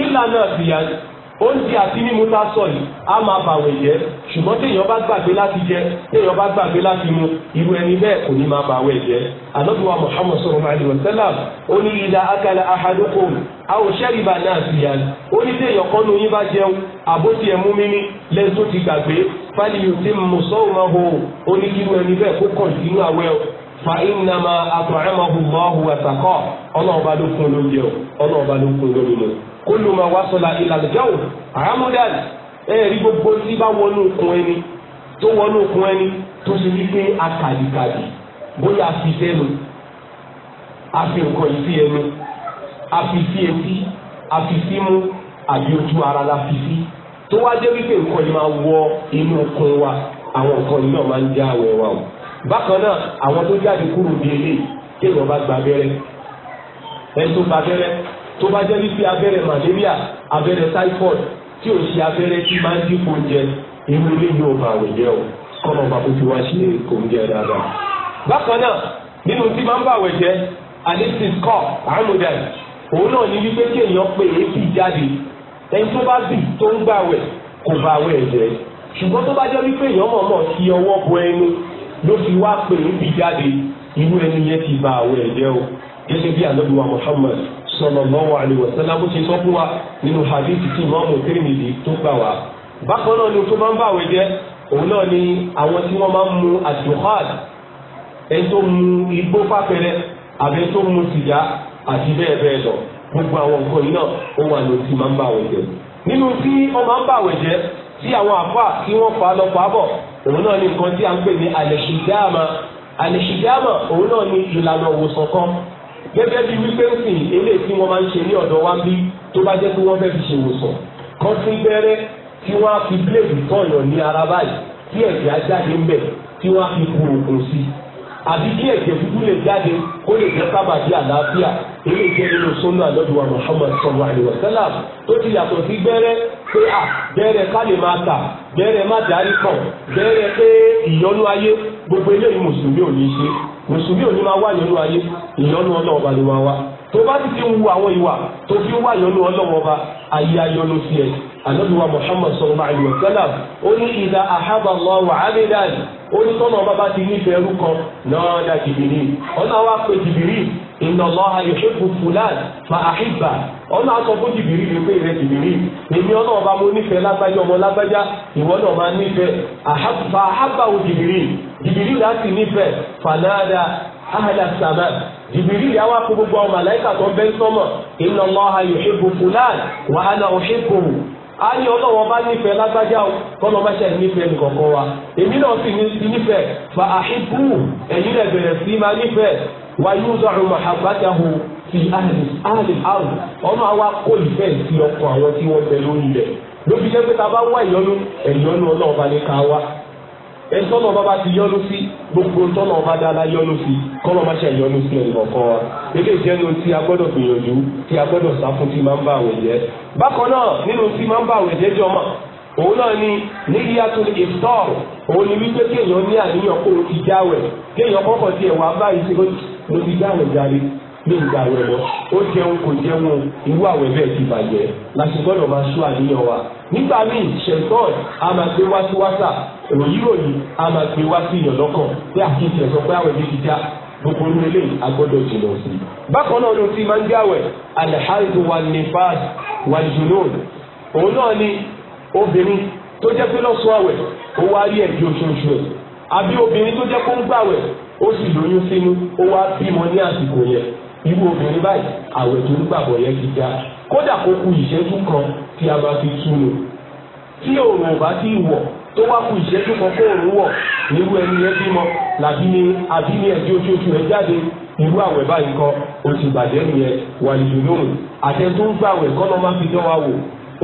ìlànà àfihàn oúnjẹ àti mímu tá a sọ yìí á máa bàwẹ̀ jẹ́ ṣùgbọ́n téèyàn bá gbàgbé láti jẹ téèyàn bá gbàgbé láti mu irú ẹni bẹ́ẹ̀ kò ní máa bàwẹ̀ jẹ́ anabiwa muhammad sallallahu alayhi wa sallam ó ní ìlà akala ahadukum aw shariba nasiyan ó ní téèyàn kan ní oyin bá jẹun àbótí ẹ̀ mú mímí lẹ́sùn ti gbàgbé fáliyù tí mo sọ́ọ̀mọ́ ho ó ní fa innama at'amahu Allahu wa saqahu ọlọ́ọ̀ba ló fún lóúnjẹ ọlọ́ọ̀ba ló kólú ma wá sọlá ìlàlùjáwò àhámúdàn ẹ rí gbogbo tí bá wọnú okùn ẹni tó wọnú okùn ẹni tó ṣe wípé akàlìkàlì bóyá a fi sẹ́nu a fi nǹkan yìí sí ẹnu a fi sí etí a fi sí mú àbí ojú ara la fi sí tó wá jẹ́ wípé nǹkan yìí máa wọ inú okùn wa àwọn nǹkan yìí náà máa ń jẹ́ àwẹ̀ wa o bákan náà àwọn tó jáde kúrò ní téèyàn bá gba ẹ tó gba tó bá jẹ́ wípé abẹ́rẹ́ malaria abẹ́rẹ́ typhoid tí ò ṣe abẹ́rẹ́ tí máa ń dínkù oúnjẹ irú ilé yóò máa wẹ̀ jẹ́ o kọ́nà máa kó fi wá ṣe oúnjẹ dáadáa. bákan náà nínú tí máa ń bà wẹ̀ jẹ́ anisis kọ́ amudan òun náà ní wípé kí èèyàn pé èébì jáde ẹni tó bá bì tó ń gbà wẹ̀ kò bá wẹ̀ jẹ́ ṣùgbọ́n tó bá jẹ́ wípé èèyàn mọ̀ọ́mọ̀ fi ọwọ́ bọ ẹnu ló fi wá pé èébì jáde irú ẹni yẹn ti bà wẹ̀ jẹ́ o gẹ́gẹ́ bí ànábì Muhammad sallallahu alaihi wasallam ṣe sọ fún wa nínú hadith tí Imamu Tirmidhi tó gbà wá bákan náà ni tó máa ń bá àwẹ̀ jẹ́ òun náà ni àwọn tí wọ́n máa ń mu àdùnkọ́àdì ẹni tó mu igbó fàpẹrẹ àbẹ tó mu sìgá àti bẹ́ẹ̀ bẹ́ẹ̀ lọ gbogbo àwọn nǹkan yìí náà ó wà ní oṣù máa ń bá àwẹ̀ jẹ́ nínú tí wọ́n máa ń bá àwẹ̀ jẹ́ tí àwọn àfa tí wọ́n fa lọ fà á òun náà ni nǹkan tí a ń pè ní àlẹ̀ṣìdáàmà àlẹ̀ṣìdáàmà òun náà ni ìlànà òwòsàn kan gẹ́gẹ́ bí wípé ń sìn eléyìí tí wọ́n máa ń ṣe ní ọ̀dọ̀ wa bí tó bá jẹ́ pé wọ́n fẹ́ fi ṣe ìwòsàn kan sí gbẹ́rẹ́ tí wọ́n á fi bíléèdì tọ̀yàn ní ara báyìí tí ẹ̀jẹ̀ ajáde ń bẹ̀ tí wọ́n á fi kú òkun sí i àbí kí ẹ̀jẹ̀ dúdú lè jáde kó lè jẹ́ sábàbí àlàáfíà èyí jẹ́ nínú sọ́nà àlọ́dúnwà Muhammad sallallahu alaihi wasallam tó ti yàtọ̀ sí gbẹ́rẹ́ pé à gbẹ́rẹ́ ká lè máa tà gbẹ́rẹ́ má darí kàn gbẹ́rẹ́ pé ìyọnú ayé gbogbo eléyìí mùsùlùmí ò ní ṣe mùsùlùmí ò ní máa wá ìyọnú ayé ìyọnú ọlọ́wọ́ bá ló máa wá tó bá ti ti ń wu àwọn ìwà tó fi ń wá ìyọnú ọlọ́wọ́ bá ayé ayọ́nú sí ẹ̀ anabiwa muhammad sallallahu alayhi wa sallam ó ní ìdá ahaba Allahu abidan ó ní tọ́nà ọba bá ti nífẹ̀ẹ́ ẹrú kan náà dá jìbìrì ọ̀nà wa pé jìbìrì inna Allaha yuhibbu fulan fa ahibba ọ̀nà àtọ̀ fún jìbìrì rẹ̀ pé rẹ̀ jìbìrì èmi ọ̀nà ọba mo nífẹ̀ẹ́ lágbájá ọmọ lágbájá ìwọ náà máa nífẹ̀ẹ́ fa ahaba o jìbìrì jìbìrì rẹ̀ á sì nífẹ̀ẹ́ fanada ahada sama jìbìrì yà wá kó gbogbo àwọn màláìkà tó bẹ́ sọ́mọ̀ inna Allaha yuhibbu fulan wa ana uhibbuhu a ní ọlọ́wọ́n bá nífẹ̀ẹ́ lágbájá o kọ́nà má ṣe nífẹ̀ẹ́ nǹkankan wa èmi náà sì ní ti nífẹ̀ẹ́ fa àhíkú ẹ̀yìn rẹ̀ bẹ̀rẹ̀ sí máa nífẹ̀ẹ́ wa yóò dọ̀rọ̀ mahabbatahu fi ahli ahli ahli ọmọ àwa kó ìfẹ́ sí ọkàn àwọn tí wọ́n bẹ lórí rẹ̀ lóbi jẹ́ pé ta bá wá ìyọnu ẹ̀yọnu ọlọ́wọ́n bá ní ká wá ẹ̀ńtọ́nà bá ba ti yọ́nú sí gbogbo ńtọ́nà bá dáadáa yọ́nú sí kọ́nà má ṣe yọ́nú sí ẹ̀yìn kọ̀ọ̀kan wa ilé ìjẹ́nu tí a gbìyànjú tí agbọ́dọ̀ gbọ́dọ̀ sá fún tí máa ń bá àwẹ̀ jẹ́ bákan náà nínú tí máa ń bá àwẹ̀ jẹ́ òun náà ni níbi yàtọ̀ òun ni wípé kéèyàn ní àníyàn o ti jáwẹ̀ kéèyàn kọ́kọ́ báyìí mo ó jẹun kò jẹun àwẹ̀ bẹ́ẹ̀ ti bàjẹ́ la ṣe gbọ́dọ̀ máa àníyàn wa nígbà míì ṣẹ̀tọ́ọ̀ a máa gbé wá sí wáṣà ròyìn ròyìn a máa gbé wá sí ìyàn lọ́kàn pé àkíyèsí ẹ̀sọ́ pé àwẹ̀ mi ti já gbogbo orí eléyìí a gbọ́dọ̀ jìnnà sí i. bákan náà ló ti máa ń gbé àwẹ̀ alhaidu wa nifas wa junun òun náà ni obìnrin tó jẹ́ pé lọ́sọ̀ àwẹ̀ ó wá rí ẹ̀jẹ̀ oṣooṣù ẹ̀ àbí obìnrin tó jẹ́ pé ó ń gbàwẹ̀ ó sì lóyún sínú ó wá bímọ ní àsìkò yẹn irú obìnrin báyìí àwẹ̀ tó ń gbàgbọ́ yẹn ti dá kódà kó ku ìṣẹ́jú kan tí a bá fi tú lò tí òòrùn bá ti wọ̀ tó wá ku ìṣẹ́jú kan kó òòrùn wọ̀ irú ẹni yẹn bímọ làbí ni àbí ni ẹ̀jẹ̀ oṣooṣù rẹ̀ jáde irú àwẹ̀ báyìí kan ó bàjẹ́ nìyẹn wàlìjù lóhùn gbàwẹ̀ kọ́ lọ́ máa fi dán wa wò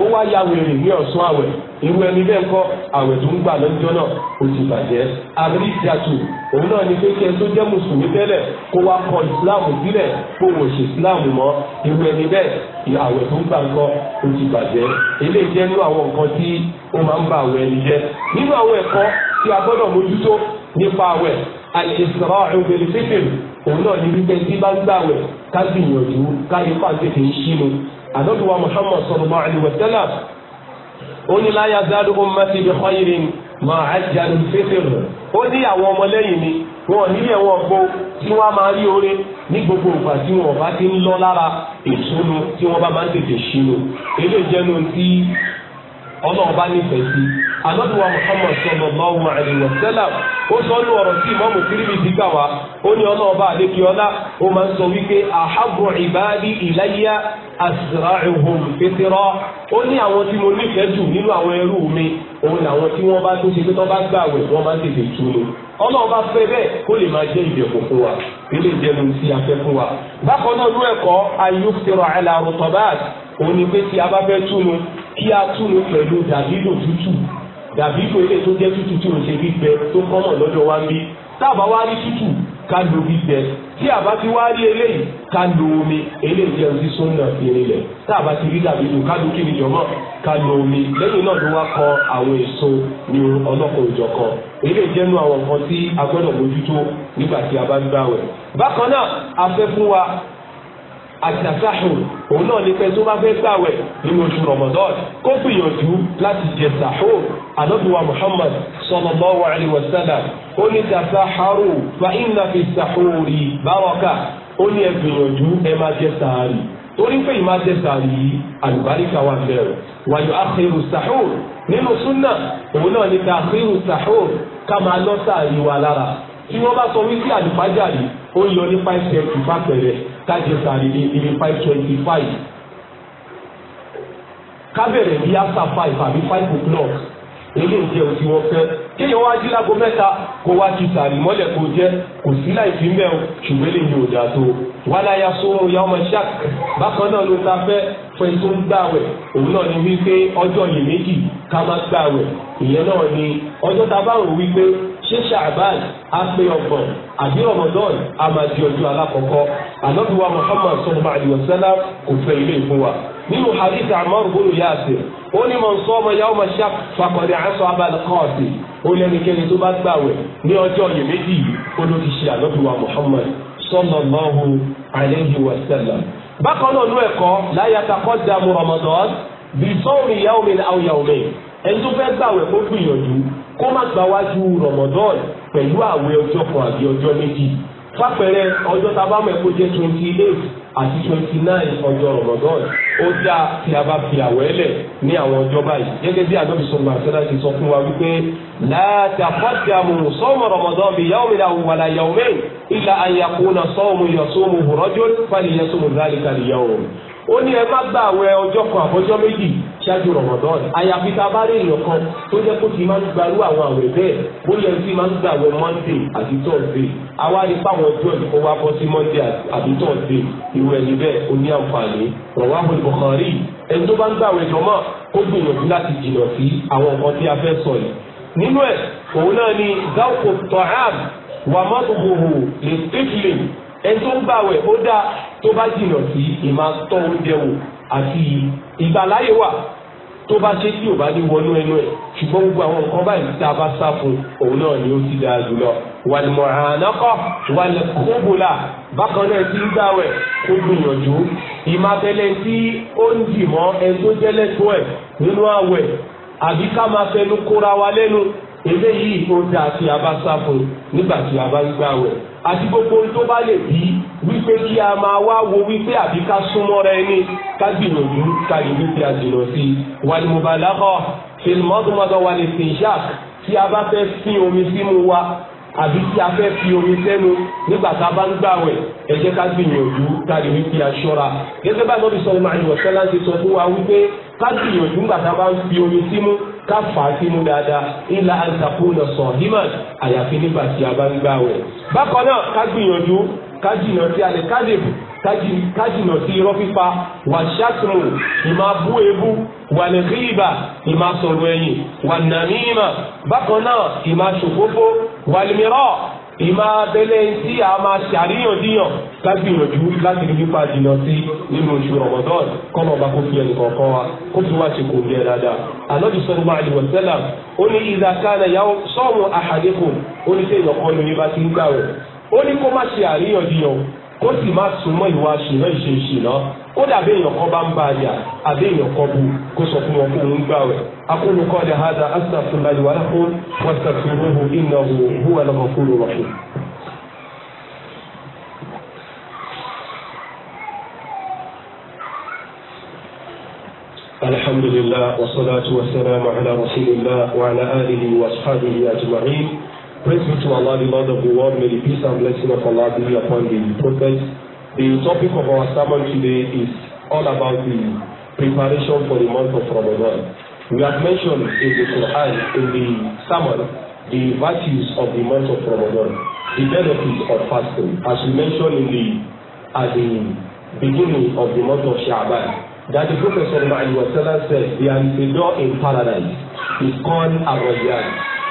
ó wá ya wèrè ní ọ̀sán àwẹ̀ irú ẹni bẹ́ẹ̀ kọ́ àwẹ̀ tó ń gbà lọ́jọ́ náà ó ti bàjẹ́ abiri ìdàtù òun náà ni pé kí ẹ tó jẹ́ mùsùlùmí tẹ́lẹ̀ kó wá kọ ìsìláàmù sílẹ̀ kó wò ṣe ìsìláàmù mọ́ irú ẹni bẹ́ẹ̀ àwẹ̀ tó ń gbà ńkọ́ ó ti bàjẹ́ eléyìí jẹ́ nínú àwọn nǹkan tí ó máa ń bà àwẹ̀ ẹni jẹ́ nínú àwọn ẹ̀kọ́ tí a gbọ́dọ̀ mójútó nípa àwẹ̀ àìsàn òun náà ni wípé tí bá ń gbàwẹ̀ ká gbìyànjú ká ipá tètè ń ṣínú àdọ́tùwà muhammad sallallahu alaihi wa sallam ó ní la yazalu ummati bi khairin ma ajjalu fitr ó ní àwọn ọmọlẹ́yìn mi wọn ní ẹ̀wọ̀n gbó tí wọ́n máa rí oore ní gbogbo ìgbà tí wọ́n bá ti ń lọ lára ìtúnu tí wọ́n bá máa ń tètè ṣínú eléjẹ́nu tí ọlọ́run nífẹ̀ẹ́ sí anọ́dúnwá muhammad sallallahu alayhi wa sallam ó sọ ní ọ̀rọ̀ tí ìmọ̀mù tìrìbì ti gbà wá ó ní ọlọ́ọ̀bá adékiọlá ó máa ń sọ wípé ahabbu ibadi ilayya asra'uhum fitra ó ní àwọn tí mo nífẹ̀ẹ́ jù nínú àwọn ẹrú mi òun làwọn tí wọ́n bá tó ṣe pé tó bá gbààwẹ̀ wọ́n máa tètè túnú ọlọ́run bá fẹ́ bẹ́ẹ̀ kó lè máa jẹ́ ìdẹ̀kùn fún wa ilé ìjẹun tí a fún wa. bákan náà ló ẹ̀kọ́ ayélujára àlàrò tọ́báàt òun ni pé tí a bá fẹ́ túnú kí a túnú pẹ̀lú dàbídò tútù dàbí ìlú ilé tó jẹ́ tútù tí ò ṣe gbígbẹ tó kọ́mọ̀ lọ́dọ̀ wa ń bí tábà wá rí tútù ká lo gbígbẹ tí àbá ti wá rí eléyìí ká lo omi eléyìí jẹ́ ojú sọ́nà ìrìnlẹ̀ tábà ti rí dàbí ìlú ká lo kí ni jọmọ́ ká lo omi lẹ́yìn náà ló wá kọ àwọn èso ní ọlọ́kọ̀ òjọ̀ kan eléyìí jẹ́nu àwọn nǹkan tí a gbọ́dọ̀ mójútó nígbà tí a bá ń gbàwẹ̀. bákan náà a fẹ́ fún wa àtàkàhù òun náà ní pé tó bá fẹ́ gbàwẹ̀ nínú oṣù Ramadan kó gbìyànjú láti jẹ sàhù ànábìwá Muhammad sallallahu alaihi wasallam ó ní tasaharu fa inna fi sahuri baraka ó ní ẹ gbìyànjú ẹ máa jẹ sàárì torí pé ìmá jẹ sàárì yìí àlùbáríkà wà bẹ̀rẹ̀ wàyọ àkèrò sàhùr nínú súnà òun náà ní tàkèrò sàhùr ká máa lọ sàárì wa lára tí wọ́n bá sọ wípé àlùfájà yìí ó yọ nípa ẹsẹ̀ ìfàpẹ̀rẹ̀ kájẹsàrí ní ibi five twenty five kábẹ̀rẹ̀ bí after five àbí five o'clock eléyìí jẹ́ òsì wọn fẹ́ kéèyàn wá jí lágo mẹ́ta kó wá ti mọ́lẹ̀ kó jẹ́ kò sí láìsí mẹ́rin ṣùgbọ́n tó wàláyà sóhun ọmọ bákan náà ló ta fẹ́ fẹ́ tó ń òun náà ni wípé ọjọ́ yìí méjì ká má ìyẹn ni ọjọ́ ta bá ṣé ṣàbán apẹ ọgbọ̀n àbí ramadan a máa di ọjọ́ alákọ̀ọ́kọ́ ànábi wa muhammad sallallahu alayhi wa sallam kò fẹ́ ilé ìfún wa nínú hadith amar bolo yaasir ó ní mọ̀ nsọ́mọ yàwó ma ṣá fakọ̀dé aṣọ abal kọ́ọ̀sì ó lẹ́nikẹ́ni tó bá gbàwẹ̀ ní ọjọ́ yìí méjì yìí ó ló ti ṣe ànábi wa muhammad sallallahu alayhi wa sallam bákan náà nú ẹ̀kọ́ kó má gba wájú Ramadan pẹ̀lú àwẹ̀ ọjọ́ kan àbí ọjọ́ méjì fápẹ̀rẹ̀ ọjọ́ tá a bá mọ̀ ẹ́ kó jẹ́ twenty eight àti twenty nine ọjọ́ Ramadan ó dá tí a bá fi àwẹ̀ lẹ̀ ní àwọn ọjọ́ báyìí gẹ́gẹ́ bí àdóbi sọ̀rọ̀ àṣẹ́lá ti sọ fún wa wípé láàtà fọ́jàmù sọ́ọ̀mù Ramadan yàwó mi làwọn wàlà yàwó mẹ́rin ìlà àyàkùnà ó ní ẹ má gba àwẹ̀ ọjọ́ kan àbọ́jọ́ méjì ṣáájú rọmọdán àyàfi tá a bá rí èèyàn kan tó jẹ́ kó ti máa ń gbarú àwọn àwẹ̀ bẹ́ẹ̀ bóyá ẹni tí máa ń gba àwẹ̀ monday àti thursday àwa rí fáwọn ọjọ́ ẹ̀ kó wá bọ́ sí monday àti thursday irú ẹni bẹ́ẹ̀ ó ní àǹfààní rọwá bọ Bukhari ẹni tó bá ń gba àwẹ̀ jọmọ kó gbìyànjú láti jìnnà sí àwọn nǹkan tí a fẹ́ sọ yìí nínú ẹ̀ òun náà ni gáwùkù tọ́hán wàmọ́tòkòhò lè tẹ́kìlì ẹni tó ń gbàwẹ̀ ó tó bá jìnnà sí ìmá tọ́ oúnjẹ wò àti ìgbàláyè wà tó bá ṣe tí ò bá ní wọnú ẹnu ẹ ṣùgbọ́n gbogbo àwọn nǹkan báyìí tá a bá sá fún òun náà ni ó ti dáa jùlọ. wàlùmọ̀rànákọ̀ wàlùkóbólà bákan náà ti ń dáwẹ̀ kó gbìyànjú ìmábẹ́lẹ́ tí ó ń dì mọ́ ẹgbẹ́ jẹ́lẹ́tọ́ ẹ̀ nínú àwẹ̀ àbí ká máa fẹnu kóra wa lẹ́nu eléyìí tó dáa tí a bá sá fún nígbà tí a bá ń gbà wẹ̀ àti gbogbo tó bá lè bí wípé kí a máa wá wo wípé àbí ká súnmọ́ra ẹni ká gbìyànjú ká lè wípé a jìnà sí i wàlúmọ̀bàlákọ̀ fèlmọ́dúnmọ́dọ̀ wà lè sìn ṣáàk tí a bá fẹ́ sin omi símú wa àbí tí a fẹ́ fi omi sẹ́nu nígbà tá a bá ń gbàwẹ̀ ẹ jẹ́ ká gbìyànjú káàdì wípé a ṣọ́ra gẹ́gẹ́ bá lọ́bì sọ̀rọ̀ màá yọ̀ sẹ́lá ti sọ fún wa wípé ká gbìyànjú nígbà tá a bá ń fi omi símú ká fà á símú dáadáa ilà àǹtàkùn lọ sọ̀ hímàn àyàfi nígbà tí a bá ń gbàwẹ̀. bákan náà ká gbìyànjú kájìnà sí alẹ́ kádébù kájìnà sí irọ́ fífa wà ṣàtúmù ìmá bú ebú wà ní kíríbà ìmá sọ̀rọ̀ ẹ̀yìn wà nàmímà bákan náà ìmá ṣòfófó wà lìmíràn ìmá abẹ́lẹ́ tí a máa ṣàríyànjiyàn lágbìyànjú láti rí nípa jìnnà sí nínú oṣù Ramadan kọ́nà ọba kó fi ẹnì kọ̀ọ̀kan wa kó fi wá ṣe kò ní ẹ dáadáa. àlọ́jù sọ́nùmá àdìwọ̀sẹ́là ó ní ìdàkánà yàwó sọ́ọ̀mù àhàdékò ó ní sẹ́yìn ọ̀kan lóyún bá ti ń gbà rẹ̀ ó ní kó má ṣe àríyànjiyàn kó sì má súnmọ́ ìwà ṣìnà ìṣeṣì kódà bí èèyàn kan bá ń bá a yà àbí èèyàn kan bu kó sọ fún wọn kó ń gbà wẹ̀. aqulu qawli hadha astaghfirullahi wa lakum wastaghfiruhu innahu huwal ghafurur rahim. الحمد لله والصلاة والسلام على رسول الله وعلى آله وأصحابه أجمعين Praise be to Allah, the Lord of the world. May the peace and blessing of Allah be upon the prophet. The topic of our sermon today is all about the preparation for the month of Ramadan. We have mentioned in the Quran, in the sermon, the virtues of the month of Ramadan, the benefits of fasting. As we mentioned in the, at the beginning of the month of Sha'ban, that the Prophet said there is a door in paradise. It's called ar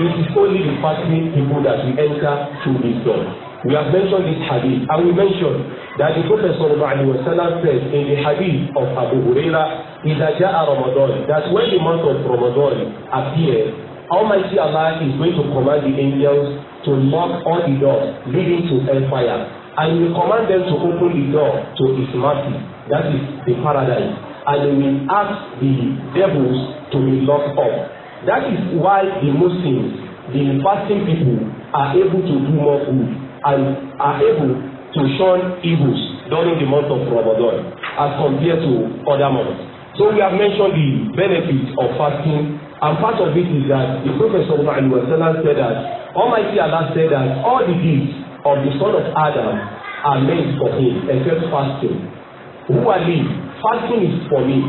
It is only the fasting people that we enter through this door. We have mentioned this hadith and we mentioned that the Prophet sallallahu alaihi wasallam said in the hadith of Abu Huraira, إِذَا جَاءَ Ramadan, that when the month of Ramadan appears, Almighty Allah is going to command the angels to lock all the doors leading to hellfire and he will command them to open the door to his mercy, that is the paradise, and he will ask the devils to be locked up That is why the Muslims, the fasting people, are able to do more good and are able to shun evils during the month of Ramadan as compared to other months. So we have mentioned the benefits of fasting and part of it is that the Prophet sallallahu alaihi wasallam said that Almighty Allah said that all the deeds of the son of Adam are made for him except fasting. Who are they? Fasting is for me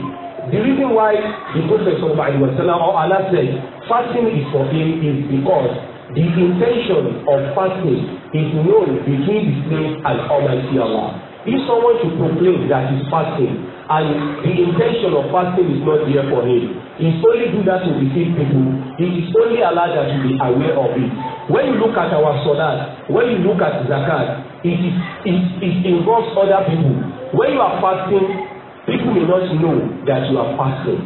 The reason why the Prophet sallallahu alaihi wasallam or Allah said fasting is for him is because the intention of fasting is known between the slave and Almighty Allah. If someone should proclaim that he's fasting and the intention of fasting is not there for him, he only do that to deceive people. It is only allowed that should be aware of it. When you look at our salat, when you look at zakat, it is it, it involves other people. When you are fasting, people will not know that you are fasting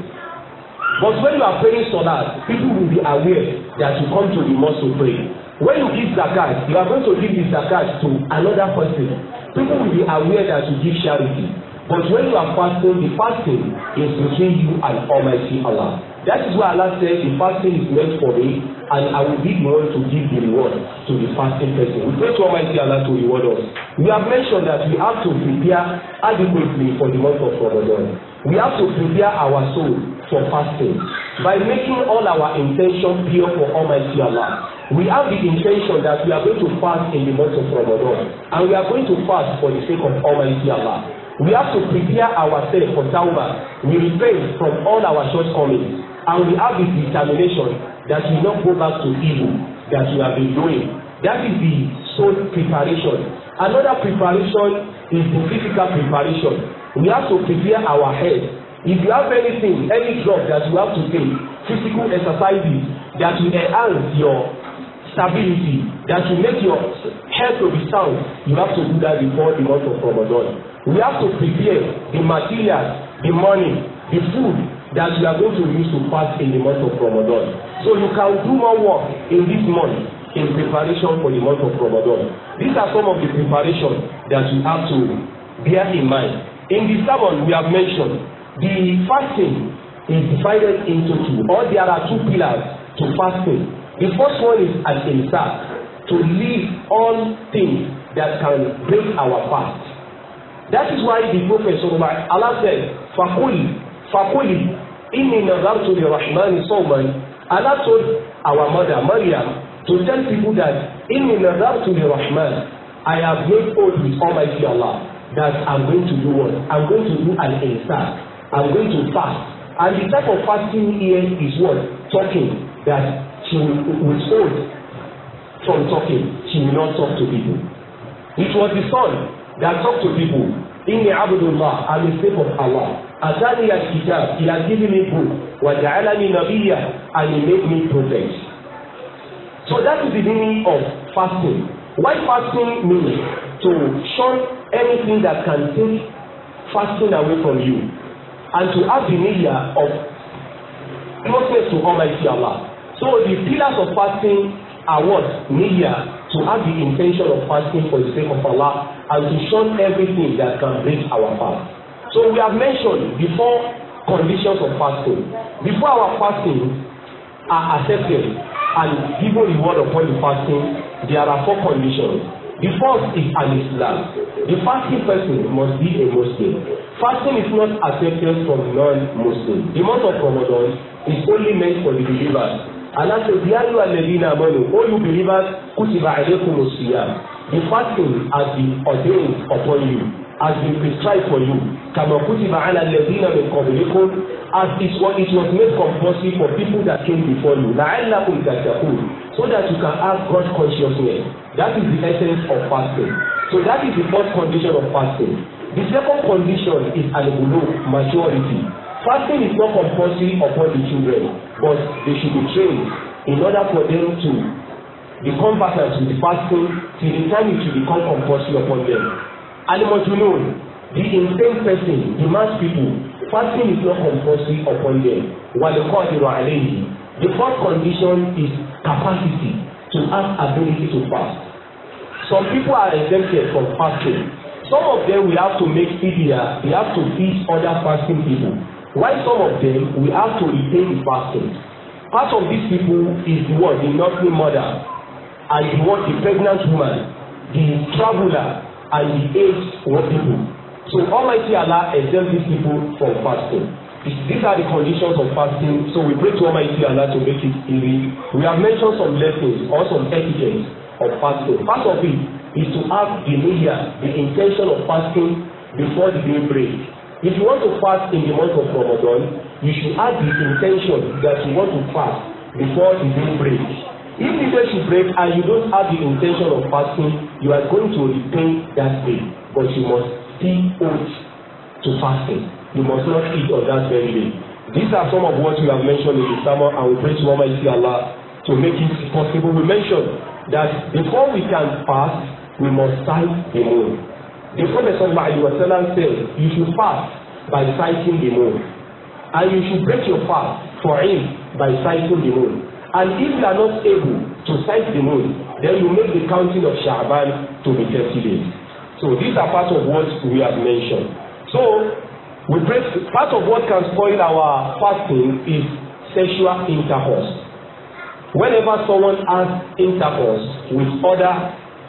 but when you are praying solat people will be aware that you come to the mosque to pray when you give zakat you are going to give the zakat to another person people will be aware that you give charity but when you are fasting the fasting is between you and Almighty Allah that is why Allah said the fasting is meant for me and I will be the one to give the reward to the fasting person we pray to Almighty Allah to reward us We have mentioned that we have to prepare adequately for the month of Ramadan. We have to prepare our soul for fasting by making all our intention pure for Almighty Allah. We have the intention that we are going to fast in the month of Ramadan and we are going to fast for the sake of Almighty Allah. We have to prepare ourselves for tawbah. We repent from all our shortcomings and we have the determination that we not go back to evil that we have been doing. That is the soul preparation Another preparation is the physical preparation. We have to prepare our head. If you have anything, any drug that you have to take, physical exercises that will enhance your stability, that will make your health to be sound, you have to do that before the month of Ramadan. We have to prepare the materials, the money, the food that you are going to use to pass in the month of Ramadan. So you can do more work in this month in preparation for the month of Ramadan. These are some of the preparations that you have to bear in mind. In the sermon we have mentioned the fasting is divided into two or there are two pillars to fasting. The first one is an insert to leave all things that can break our fast. That is why the Prophet Solomon Allah said, Fakuli, Fakuli, in inni nazartu li Rahmani Soman. Allah told our mother Maryam to tell people that in regard to the Rahman, I have made oath with Almighty Allah that I'm going to do what? I'm going to do an insan. I'm going to fast. And the type of fasting here is what? Talking. That she will withhold from talking. She will not talk to people. It was the son that talked to people. in Inni Abdullah, and the slave of Allah. Azani al-Kitab, he has given me book. Wa ja'alani nabiyya, and he made me prophet. So that is the meaning of fasting. Why fasting means to shun anything that can take fasting away from you and to have the media of closeness to Almighty Allah. So the pillars of fasting are what? Media to have the intention of fasting for the sake of Allah and to shun everything that can break our fast. So we have mentioned before conditions of fasting. Before our fasting are accepted, and given the word upon the fasting, there are four conditions. The first is an Islam. The fasting person must be a Muslim. Fasting is not accepted from non-Muslims. The month of Ramadan is only meant for the believers. And as Allah says, Ya ayyuhalladhina amanu, O you believers, kutiba alaykumus siyam. The fasting has been ordained upon you has been prescribed for you kama kutiba ala lezina min qablikum as it was it was made compulsory for people that came before you la'allakum tattaqun so that you can have God consciousness that is the essence of fasting so that is the first condition of fasting the second condition is alibulu maturity fasting is not compulsory upon the children but they should be trained in order for them to become partners with the fasting till the time it should become compulsory upon them alimọ̀júnú the insane person the mad people fasting is not compulsory upon them While the court wàlúkọ́ọ̀dù àlẹ́yìn the first condition is capacity to have ability to fast some people are exempted from fasting some of them we have to make fidya we have to feed other fasting people while some of them we have to retain the fasting part of these people is the one the nursing mother and the one the pregnant woman the traveller and he hates poor people. So Almighty Allah exempts these people from fasting. These are the conditions of fasting. So we pray to Almighty Allah to make it easy. We have mentioned some lessons or some etiquette of fasting. Part of it is to have the media, the intention of fasting before the day break. If you want to fast in the month of Ramadan, you should have the intention that you want to fast before the day break. If you break and you don't have the intention of fasting, you are going to repent that day. But you must stay out to fasting. You must not eat on that very day. These are some of what we have mentioned in the sermon, and we pray to Almighty Allah to make it possible. We mentioned that before we can fast, we must sight the moon. The Prophet sallallahu alaihi wasallam said, you should fast by sighting the moon, and you should break your fast for him by sighting the moon. And if you are not able to sight the moon, then you make the counting of Sha'ban to be thirty days. So these are part of what we have mentioned. So we pray part of what can spoil our fasting is sexual intercourse. Whenever someone has intercourse with other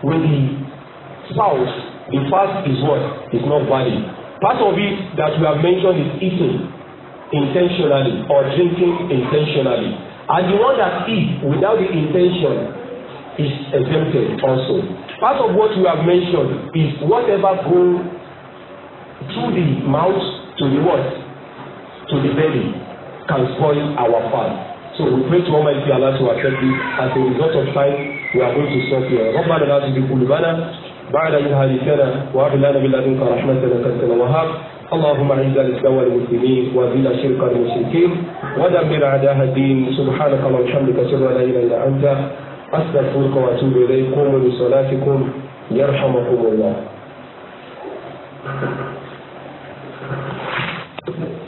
with the spouse, the fast is what is not valid. Part of it that we have mentioned is eating intentionally or drinking intentionally and the one that eats without the intention is exempted also. Part of what we have mentioned is whatever goes through the mouth to the what? To the belly can spoil our fast. So we pray to Almighty Allah to accept it. As a result of time, we are going to stop here. ربنا لا تزغ قلوبنا بعد إذ هديتنا وهب لنا من لدنك رحمة إنك أنت الوهاب اللهم اعز الاسلام والمسلمين واذل الشرك والمشركين ودمر اعداء الدين سبحانك اللهم وبحمدك اشهد ان لا اله الا انت استغفرك واتوب اليكم ولصلاتكم يرحمكم الله